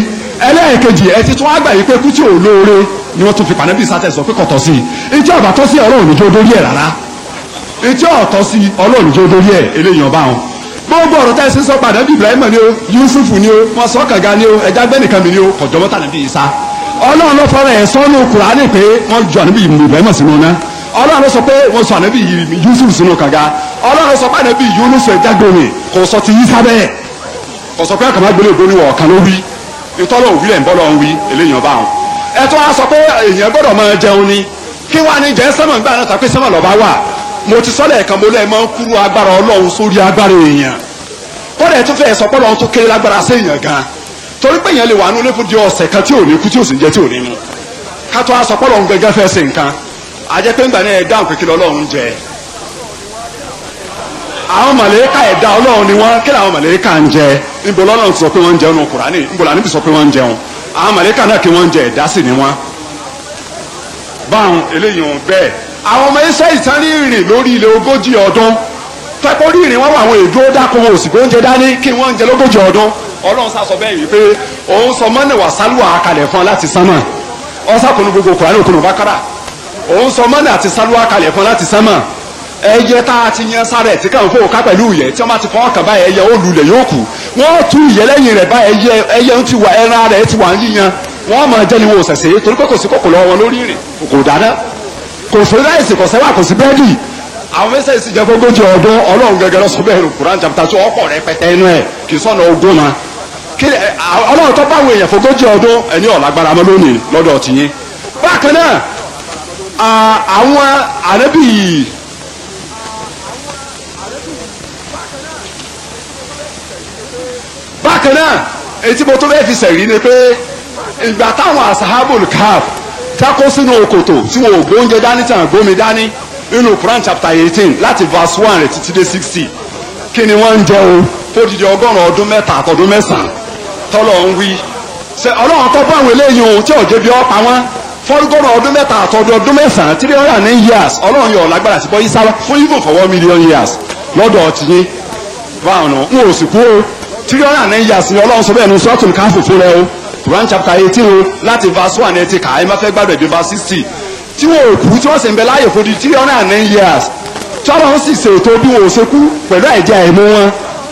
Speaker 1: ẹlẹ́ẹ̀kejì ẹ ti tún àgbà yìí pé kú tí ò lóore ni wọ́n tún fi pàdánù ìsàtẹ̀ sọ pé kọ̀tọ̀ sí i ìjọ àbátọ́ sí ọlọ́run ní jó dórí ẹ̀ rárá ìjọ ọ̀tọ́ sí ọlọ́run ní jó dórí ẹ̀ eléyìí ọba wọn. gbogbo ọ̀rọ̀ tẹ́ ẹ sísọ pàdánù Ibrahim ni o Yusuf ni o wọn sọ kànga ni o ẹja gbẹ́nìkan mi ni o kọ̀jọ́mọ́ tàbí ìsà ọlọ́run ló fọ́ra ẹ̀ sọ́nù Kùránì pé wọ́n ju ànábì Ibrahim sínú náà ọlọ́run sọ pé wọ́n sọ ànábì Yusuf sínú kànga ọlọ́run sọ pé ànábì Yunus ẹ̀jágbóni kò sọ ti yí sábẹ́ kò sọ pé àkàmá gbélé ìgbóni wọ̀ ọ̀kan ló wí ìtọ́lọ̀ òwúlẹ̀ ń bọ́lọ̀ ń wí eléyìí ọba àwọn. ẹ tó sọ pé èèyàn gbọ́dọ̀ máa jẹun ni kí wàá ní jẹ́ sẹ́mọ̀ nígbà náà tàbí sẹ́mọ̀ lọ́ba wà mo ti sọ́lẹ̀ kan mo lẹ́ẹ̀ máa ń kúrú agbára ọlọ́run sórí agbára èèyàn kódà ẹ tún fẹ́ sọ pọ́lọ́run tó kéré lágbára sí èèyàn gan torí pé èèyàn lè wà nílé fún di ọ̀sẹ̀ kan tí àwọn màlẹ́kà ẹ̀dá ọlọ́run ni wọ́n kí làwọn màlẹ́kà ń jẹ níbo lọ́lọ́run sọ pé wọ́n ń jẹun nù kùránì níbo làníbi sọ pé wọ́n ń jẹun àwọn màlẹ́kà náà kí wọ́n ń jẹ ẹ̀dá sì ni wọ́n. báwọn eléyìí wọn bẹ́ẹ̀ àwọn ọmọ iṣẹ́ ìtàn rìnrìn lórí ilẹ̀ ogójì ọdún tẹ́kọ̀ rìnrìn wọn wà àwọn èdè ó dákun wọn ò sì gbóúnjẹ dání kí wọ́n ń jẹ lógójì ọdún ọlọ́run sàsọ sọ mọ́nìwà sálùwà kalẹ̀ òun sọ ẹyẹ tá a ti yan sára ẹ̀ káwọn fowó ká pẹ̀lú tí wọ́n bá ti fọwọ́ kàn báyẹn ẹyẹ ó lulẹ̀ yóò kù wọ́n tú lẹ́yìn rẹ̀ ẹyẹ ń ti wà ẹran rẹ̀ ti wà ń yíyan wọ́n mọ̀ jẹ́ ni wọn ò sẹ̀sẹ̀ torí pé kò sí kòkòrò wọn lórí rìn kò dáná kò sí ráìsì kò sẹ́wà kò sí bẹ́ẹ̀lì àwọn fẹsẹ̀ sì jẹ́ ọdún ọlọ́run gẹ́gẹ́ lọ́sọ bákan náà etí mo tó bẹ́ẹ̀ fi sẹ̀rí ni pé ìgbà táwọn asahabul kaf tako sínú òkòtò tí wọn ò gbóúnjẹ dání tí wọn gbómi dání nínú Quran chapter eighteen láti verse one rẹ̀ títí dé sixty kí ni wọ́n ń jẹ o tó didi ọgọ́rùn-ún ọdún mẹ́ta àtọ̀dún mẹ́sàn-án tọ́lọ̀ ń wí ṣe ọlọ́run tó bá àwọn eléyìí o tí ò jẹbi ọ́ pa wọ́n fọ́dúgọ́rùn ọdún mẹ́ta àtọ́dún ọdún mẹ́sàn-án three hundred and nine years ọlọ́run yọ̀ lágbára sí bọ́ yí fún yíbò for million years lọ́dọ̀ ọtí yín báwọn ò sì kú o tírílíọ̀nù àná ń yà sí ọlọ́run sọ bẹ́ẹ̀ ní sọ́ọ̀tún káfù fún rẹ o Quran chapter eighteen o láti verse one ẹ ti kà ẹ má fẹ́ gbàdọ̀ ìbí verse sixty tí wọn ò kú tí wọ́n sì ń bẹ láàyè fún di tírílíọ̀nù àná ń yà tí ọlọ́run sì ṣètò bí wọn ò ṣe kú pẹ̀lú àìjẹ́ àìmú wọn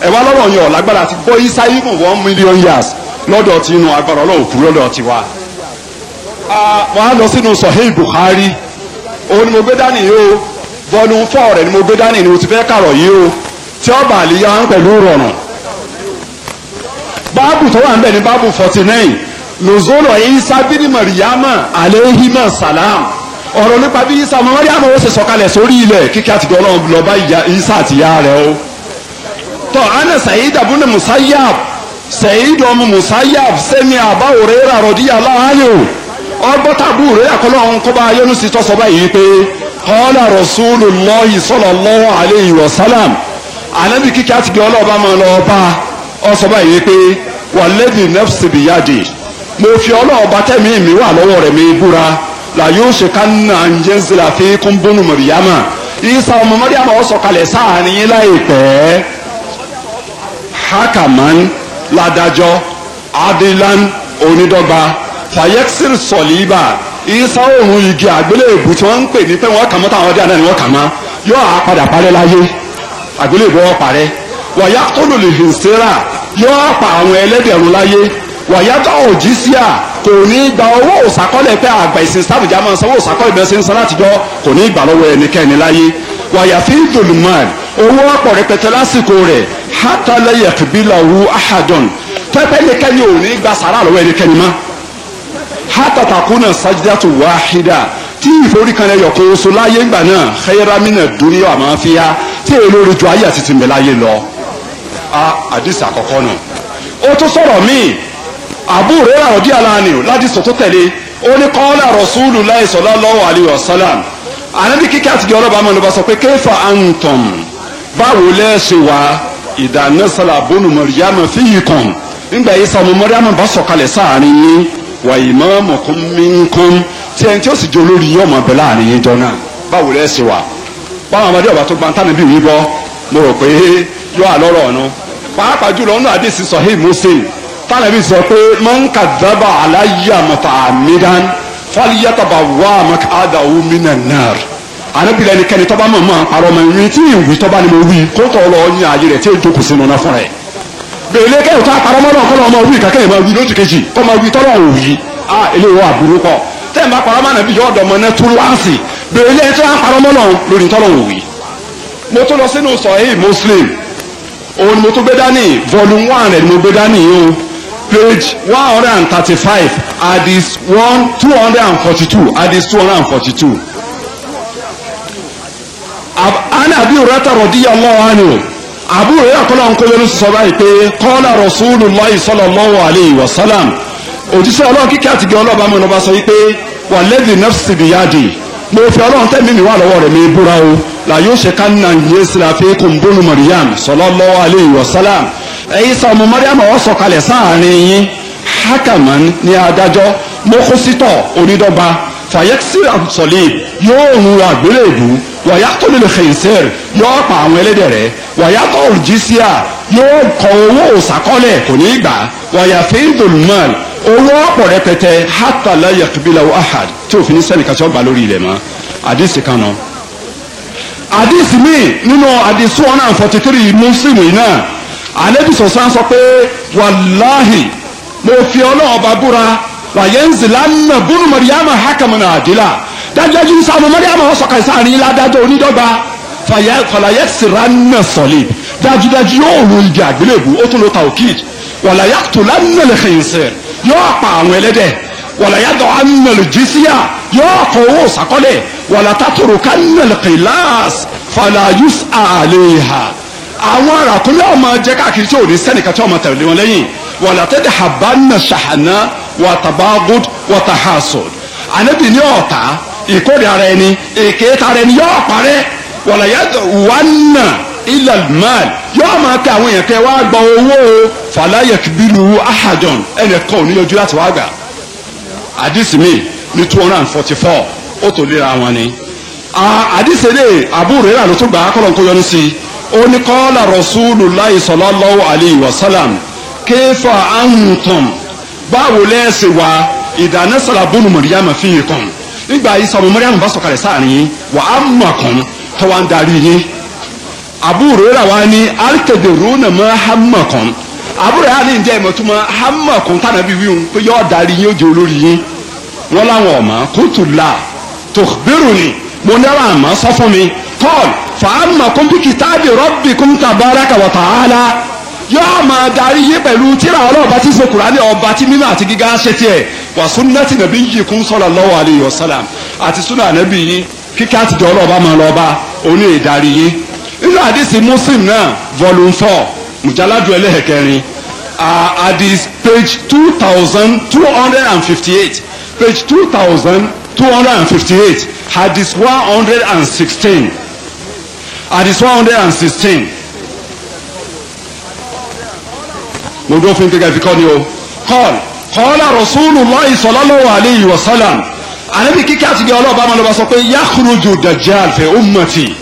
Speaker 1: ẹ̀wá lọ́rọ̀ yẹn ọ̀lágbára àti bọ́ isaí fún one million years lọ́dọ̀ tí inú agbára ọlọ́run kú lọ́dọ̀ tí wa. wọ́n á lọ sínú Sahih Bukhari òun ni mo gbé dání yìí o volume four rẹ̀ ni mo gbé dání ni mo ti fẹ́ kàrọ̀ yìí o tí ọba àlìyá ń pẹ̀lú rọrùn báàbù tó wà ń bẹ̀ ní báàbù forty nine lòzólò Ìsá bíní mọ̀ríyámà àléhìmọ̀ sàlám ọ̀rọ̀ nípa bí Ìsá ọmọ mọ́ríyámà ó ṣe sọ̀kalẹ̀ sórí ilẹ̀ kíkẹ́ àtijọ́ ọlọ́run lọ bá Ìsá àtìyá rẹ̀ o. tọ́ ana Sa'id abúlé Musayyab Sa'id ọmọ Musayyab sẹ́mi àbá òrèrà rọ̀díyà láàyò ọgbọ́tà bú òrèrà kọ́lọ́ ọ̀hún kọ́ba ayọ́nu sí tọ́sọ báyìí pé kọ́lá Rasulullahi sallallahu alaihi wasalam ànábì kíkẹ́ àtijọ́ ọlọ́ọ̀bá máa lọ bá ọsọ báyìí wípé wàlẹ́dì nẹ́fṣì bìyàdì mo fi ọlọ́run bá tẹ̀mí mi wà lọ́wọ́ rẹ̀ mi búra là yóò ṣe ká nà ń jẹ́ ńsìlà fi kún bónú mọ̀ríyàmà ìsà ọmọ mọ́ríyàmà ọ̀sọ̀ kalẹ̀ sáàrin yín láìpẹ́ hakaman ladajọ́ adilan onídọ́gba fayexil sọ̀líbà ìsà òun igi àgbélébù tí wọ́n ń pè ní pé wọ́n kà mọ́ta àwọn díẹ̀ náà ni wọ́n kà mọ́ yóò á padà parẹ́ láyé àgbélébù wọn parẹ́ wàyà kóló lè hìn síra yóò pa àwọn ẹlẹ́dẹ̀rún láyé wàyà tó òjì sí à kò ní gba owó òsàkọ́lẹ̀ pé àgbà ìsìn sábà jà máa sanwó òsàkọ́lẹ̀ bẹ́ẹ̀ ṣe ń san látijọ́ kò ní gbà lọ́wọ́ ẹnikẹ́ni láyé wàyà fi ń dùn mọ́ẹ̀ owó ọ̀pọ̀ rẹpẹtẹ lásìkò rẹ̀ hátàlẹ́yẹ kìbílàwù ahadun tẹ́pẹ́nikẹ́ni ò ní gba sàrà lọ́wọ́ ẹnikẹ́ni mọ́ hátàtàkùnà sájídàtù wáhídà tí ìforíkanlẹ̀ yọ̀kan láyé ńgbà náà xeyramina dúníyà máa fi tí èlò rẹ̀ ju ayé àti tìǹbẹ̀ láyé lọ. a àdìsí àkọ́kọ́ náà ó tún sọ̀rọ̀ míì Abu Hurairah rọ̀dí aláàánú ládìsọ tó tẹ̀lé ó ní kọ́lá Rasulullahi sallallahu alaihi wasallam ànábì kíkẹ́ àtijọ́ ọlọ́ba amọ̀nà bá sọ pé kayfa antum báwo lẹ́ẹ̀ṣẹ̀ wá ìdáná bónú bá sọ̀kalẹ̀ wà tí ẹni tí ó sì jẹ́ olórí láàrin yín jọ náà pàápàá jùlọ nínú àdìsí sọ̀hí muslim tánàbí sọ pé man kadhaba alayya muta'ammidan falyataba wa maq'adahu minan nar ànábìlẹ̀ ẹnikẹ́ni tọ́ba mọ̀ mọ́ àpárọ̀ mọ̀ ìrìn tí ìwì tọ́ba ni mo wí kó tọ́ lọ yin ààyè rẹ̀ tí ó jókòó sínú náà fúnra ẹ̀. bèèlè kẹ́yìn tó àpárọ̀ mọ́ náà kọ́ lọ́ọ́ máa wí kàkẹ́yìn máa wí lójú kejì kọ́ máa wí tọ́lọ̀ ò wí á eléyìí mọ́ muslim òun ni mo tún gbé dání volume one rẹ̀ ni mo gbé dání o page one hundred and thirty-five hadith one two hundred and forty-two hadith two hundred and forty-two. ana abi urata radiyallahu anhu abu rẹ̀ kọ́lá ń kóyọ́nù sọ báyìí pé kọ́lá rasulullahi sallallahu alayhi wa sallam òjíṣẹ́ ọlọ́run kíkẹ́ àtìgẹ́ ọlọ́ba mi lọ́ba sọ yìí pé wàlẹ́dì nafsi biyadi mo fi ọlọ́run tẹ́mi mi wà lọ́wọ́ rẹ̀ mi búra o la yóò ṣe ká nà yé sira fi kún bónú mariam sallallahu alayhi wa sallam ẹ̀yin sọ ọmọ mariam ọ̀ sọ̀kalẹ̀ sáàrin yín hakaman ní adájọ́ mokositọ̀ onídọ́gba fayexil absolib yóò rún àgbélébù wàyàtọ̀ lè xèǹsẹ̀r yóò pa àwọn ẹlẹ́dẹ̀ rẹ̀ wàyàtọ̀ olùjísíà yóò kọ owó òsàkọ́lẹ̀ kò ní í gbà wàyàfẹ́ ìdòlùmọ́ọ̀lù owó ọ̀pọ̀ rẹpẹtẹ hata la yakubila ahad tí òfin sẹ́ni kasi ọba lórí ilẹ̀ mọ́ àdìsí kan nọ. àdìsí mi nínú àdìsí one and forty three muslim yìí náà àlẹ́bí sọ̀sán sọ pé wàláhì mo fi ọlọ́ọ̀ba búra wàyẹ̀ ń zìlá nà bùnú mọ̀ríyàmà hákàmùnà àdìlà dájúdájú sàmù mọ̀ríyàmà ọ̀sọ̀kà ìsàrin ládàjọ́ onídọ́gba fàlàyé sìrà nà sọ̀lì dájúdájú yóò lu ìdí àgbélébù ó tún lo taokid wàlàyé tó lánà lè sẹ́ẹ̀ yóò pa àwọn ẹlẹ́dẹ̀ wàlá yàtọ̀ anàlù jísíyà yóò kọ owó sàkọ́lẹ̀ wàlá tàtòrò kánàlù kìláàs fàlàyùs àlèhà àwọn arákùnrin ọmọ jẹ káàkiri tí ò ní sẹ́nìkan tí ọmọ tẹ̀lé wọn lẹ́yìn wàlá tẹ́lẹ̀ habana sahana wàtàbàgùd wàtàhásùd ànábì ní ọ̀tá ìkórè ara ẹni èké tara ẹni yóò parẹ́ wàlá yàtọ̀ wànà ilà mal yóò máa ka àwọn èèyàn kẹ wá gba owó fàlàyé bílù ahadon ẹnìkan ò níyọjú láti wá gbà àdìsí mi ní two hundred and forty four ó tó lera wọn ni àdìsí èdè àbúrò rẹ̀ ló tún gbà á kọ́ lọ́n kó yọnu sí i ó ní kọ́lá rasulullahi sallallahu alayhi wa sallam kéfà antum báwo lẹ́sìn wa ìdáná sàlàbùnú mọ̀ríyàmà fi hàn nígbà yìí sọmọ bá sọ̀kalẹ̀ sáà ní wà mọ̀ kàn tó ń darí yín àbúrò rà wá ní alikẹ̀dẹ̀rú nà mọ́ hàmà kan àbúrò yà ni njẹ́ ìmọ̀túnmọ́ hàmà kan tànà bí wíwọ́n pé yọ darí yín ó jẹ́ olórí yín wọ́n láwọn ọ̀mà kóòtù là tó bẹ̀rù ni mo ní àwọn àmà sọ fún mi paul fàámà kún bí kìtàbí rọ́bì kún tabaraka wa ta'ala yóò máa darí yín pẹ̀lú tíra ọlọ́ọ̀bá tí ṣe kùránì ọba tí mímọ́ àti gíga ṣe tiẹ̀ wà sunnati nàbí yìí kún sallallahu alayhi wa sallam àti súnà nàbí yín kíkẹ́ àtijọ́ ọlọ́ọ̀bá máa lọ́ọ́ oní ìdarí yín nínú àdìsí muslim náà volume four mùjáládù ẹlẹ́ẹ̀kẹrin àdìs page two thousand two hundred and fifty eight page two thousand two hundred and fifty eight àdìs one hundred and sixteen àdìs one hundred and sixteen mo dúró fún gẹ́gẹ́ fi kọ́ ni o kọ́ọ̀lù kọ́ọ̀lù rasulullahi sallallahu alayhi wa sallam ànábì kíkẹ́ àti gẹ́ ọlọ́ọ̀bá máa lọ́ba sọ pé yakhruju dajjal fi ummati.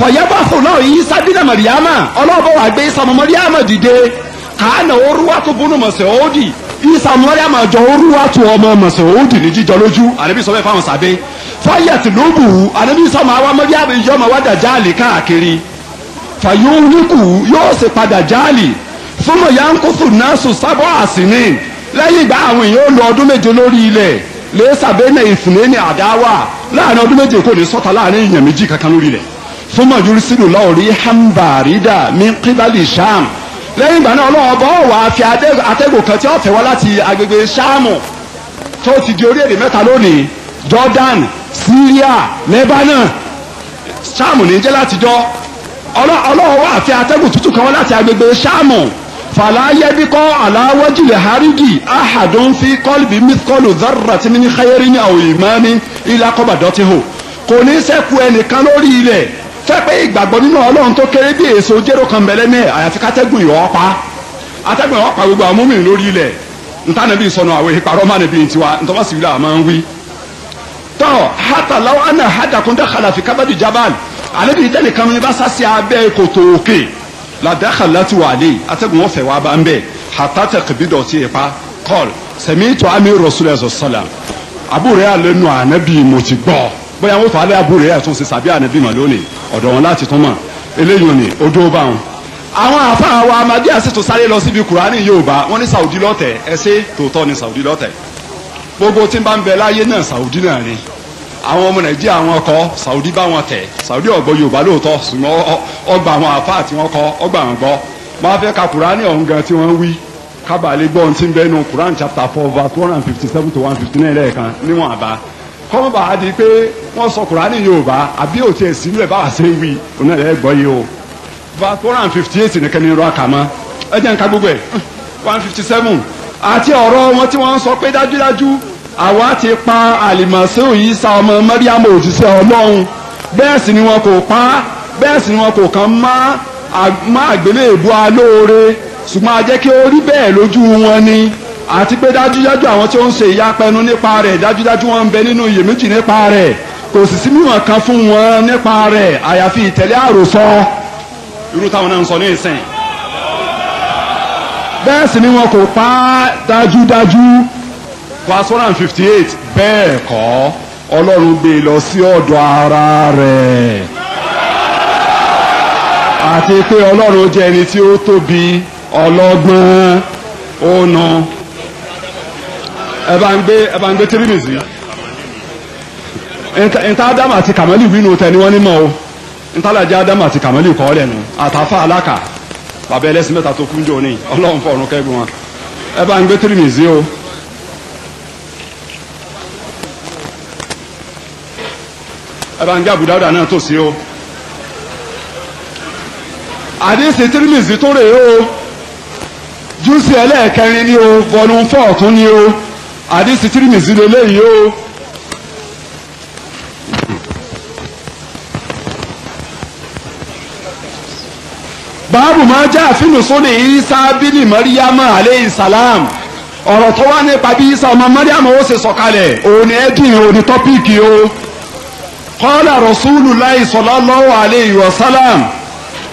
Speaker 1: fọyẹ́bàfọ̀ náà yí sábìnà mọ̀ríyàmà ọlọ́ọ̀bọ̀ wà gbé ìsàmù mọ̀ríyàmà dìde kàánà orúwàtú búnú mọ̀sẹ̀ọ́dì ìsàmù mọ̀ríyàmà jọ orúwàtú ọmọ mọ̀sẹ̀ọ́dì ní jíjọ lójú ànábì sọ bẹ́ẹ̀ fáwọn sàbẹ́ fọyẹ́tì lóbù ànábì sọmọ àwa mọ̀ríyàmà yọ ọmọ wádà jáàlì káàkiri fàyọ́nìkù yóò sì padà jáàlì fún mọ̀yánkófù náà sùn sábọ̀ àsìnì lẹ́yìn ìgbà àwọn èèyàn lò ọdún méje lórí ilẹ̀ lẹ́sàbẹ́nà ìfúnni ní àdáwà láàrin ọdún méje kò ní fúnmọ̀ yorùsílù lọ́ọ̀rí hambarida mi kíbalì sham lẹ́yìn ìgbà náà ọlọ́wọ́ bọ́ wà fi atẹ́gùn kan tí ó fẹ́ wá láti agbègbè shamu tó ti di orílẹ̀-èdè mẹ́ta lónìí jordan syria lebanon shamu ní jẹ́ látijọ́ ọlọ́wọ́ wà fi atẹ́gùn tútù kan wá láti agbègbè shamu fàlàyébíkọ́ aláwọ́jìlẹ̀ harídì ahadun fi kọ́lùbí mithkọ́lù zarrati min khayrin aw imani ilà kọ́bàdọ́tìhò kò ní sẹ́kù ẹnìkan lórí ilẹ̀ tẹ́pẹ́ ìgbàgbọ́ nínú ọlọ́run tó kéré bí èso jẹ́rọ kan bẹ̀lẹ́ ní àyàfi kátẹ́gùn ìwọ́ pa atẹ́gùn ìwọ́ pa gbogbo àwọn mùmínì lórí ilẹ̀ ntànà bíi sọnù àwọn ìparọ́ mánà bíi tiwa ntọ́wọ́ sì wíwá máa ń wí. tọ́ hata lawa ana hadakunda khalafi kabadu jabal ale bi tẹ́lẹ̀ kan mi bá sasi abẹ́ kòtò òkè ladakala ti wà lé atẹ́gùn ọ̀fẹ́ wa bá ń bẹ̀ hata tẹ kìbi dọ̀tí yẹ pa kọ́l sẹ̀mí tó amí rasulẹ̀ sọ̀ sọ̀lá àbúrò yà lẹ́nu ànábì mo ti gbọ́ bóyá wọn fàálẹ̀ àbúrò rẹ̀ tún ṣe sàbí ànábìmọ̀ lónìí ọ̀dọ̀ wọn láti tún mọ̀ eléyìí ni ó dúró bá wọn. àwọn àfáà wa amadiya sì tún sáré lọ síbi kùránì yorùbá wọn ní saudi lọ́tẹ̀ ẹsẹ̀ tòótọ́ ni saudi lọ́tẹ̀ gbogbo tí n bá ń bẹ láyé náà saudi náà ni àwọn ọmọ nàìjíríà wọn kọ saudi bá wọn tẹ saudi ọgbọ yorùbá lóòótọ́ ṣùgbọ́n ọgbà àwọn àfáà tí wọn kọ ọgbà wọn gbọ́ máa fẹ́ ka kùránì ọ̀hún gan tí wọ́n wí kábàlẹ̀ gbọ́ ohun tí ń bẹ́ẹ̀ nù kùránì chapter four verse one hundred fifty seven to one fifty nine lẹ́ẹ̀kan níwọ̀n àbá kọ́mọ́ bá a di pé wọ́n sọ kùránì yorùbá àbí òtí ẹ̀ sílẹ̀ báwa ṣe ń wí ọ̀nà ẹ̀ gbọ́ yìí o va four and fifty eight nìkan ní irọ́ àkàmọ́ ẹ jẹ́ nǹkan gbogbo ẹ̀ one fifty seven àti ọ̀rọ̀ wọn tí wọ́n sọ pé dájúdájú àwa ti pa àlìmọ̀síwò yìí sa ọmọ mẹ́ríàmù òjíṣẹ́ ọlọ́run bẹ́ẹ̀ sì ni wọn kò pa bẹ́ẹ̀ sì ni wọn kò kàn má àgbélébùú alóore ṣùgbọ́n a jẹ́ kí ó rí bẹ́ẹ̀ lójú wọn ni àti pé dájúdájú àwọn tí ó ń ṣe ìyapẹnu nípa rẹ̀ dájúdájú wọn ń bẹ nínú iyèméjì nípa rẹ̀ kò sì sí mímọ̀ kan fún wọn nípa rẹ̀ àyàfi ìtẹ̀lé àròsọ irú táwọn náà ń sọ ní ìsìn bẹ́ẹ̀ sì ni wọn kò pa á dájúdájú verse one hundred fifty eight bẹ́ẹ̀ kọ́ ọlọ́run gbé e lọ sí ọ̀dọ̀ ara rẹ̀ àti pé ọlọ́run jẹ́ ẹni tí ó tóbi ọlọ́gbọ́n ó nu ẹ bá ń gbé ẹ bá ń gbé tírímì sí nta ádámù àti kàmẹ́lì wínú tẹ ni wọ́n ní mọ́ o ntàlájà ádámù àti kàmẹ́lì kọ́ lẹ́nu àtàfà alákà bàbá ẹlẹ́sìn mẹ́ta tó kúnjọ ní ọlọ́run fọ̀run kẹ́gun wọn ẹ bá ń gbé tírímì sí o. ẹ bá ń gbé àbùdáwùdà náà tó sí o. àdéhùn tírímì tó rèé o júùsì ẹlẹ́ẹ̀kẹrin ni o volume four ni o àdìsí tírímìsì lélẹ́yìí o. báàbù máa jẹ́ àfihàn sóde isa bílí mọ́ríyámà aleyhi salam ọ̀rọ̀ tó wá nípa bí isa ọmọ mọ́ríyámà ó ṣe sọ̀kalẹ̀ òní ẹ́dìn òní tọ́píìkì o kọ́lá rasulullahi sallallahu aleyhi wa salam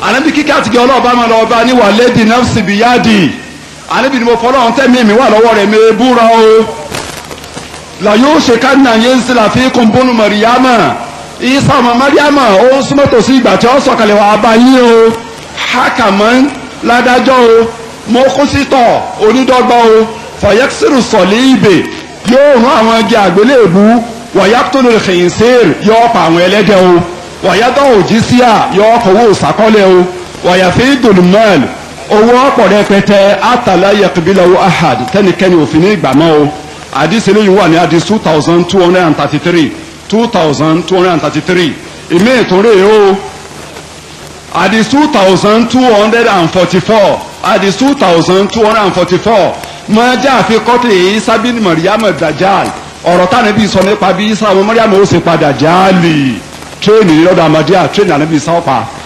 Speaker 1: ànábi kíkẹ́ àtìgẹ́ ọlọ́ọ̀bá máa lọ bá níwà lẹ́dí nafsi bíyáàdì àníbi ni mo fọlọ́ ọ̀tẹ́ mi mi wà lọ́wọ́ rẹ̀ mi búra o là yóò ṣe ká nà yé nsí la fi kún bónú mọ̀ríyámà isa ọmọ mọ̀ríyámà ó ń súnmọ́ tòsí ìgbà tí ó sọ̀kalẹ̀ wà bá yín o hákàmọ́ ládájọ́ o mo kú sí tọ̀ onídọ́gbọ́ o fàyẹ́kísírù sọ̀lẹ́ ibè yóò rún àwọn igi àgbélébú wàyàtòlù xìnsìr yóò pa àwọn ẹlẹ́dẹ̀ o wàyàtọ̀ òjísíà yóò kọ̀wé òsàkọ́lẹ̀ o wàyàfẹ́ ìdòlùmọ́ọ̀lù owó ọ̀pọ̀ rẹpẹtẹ àtàlà yẹtùbílẹ̀wò ahad tẹnikẹ́ni òfin ní ìgbà náà o àdìsí eléyìí wà ní àdìsí two thousand two hundred and thirty three two thousand two hundred and thirty three ìmí ìtúrẹ́ o àdìsí two thousand two hundred and forty four àdìsí two thousand two hundred and forty four máa àfikọ́tì isa bin mariam dajal ọ̀rọ̀ táwọn ẹbí sọ nípa bí isa mariam ó sì padà jáàlì tírẹ́ẹ̀nì lọ́dọ̀ amadíà tírẹ́ẹ̀nì àná bí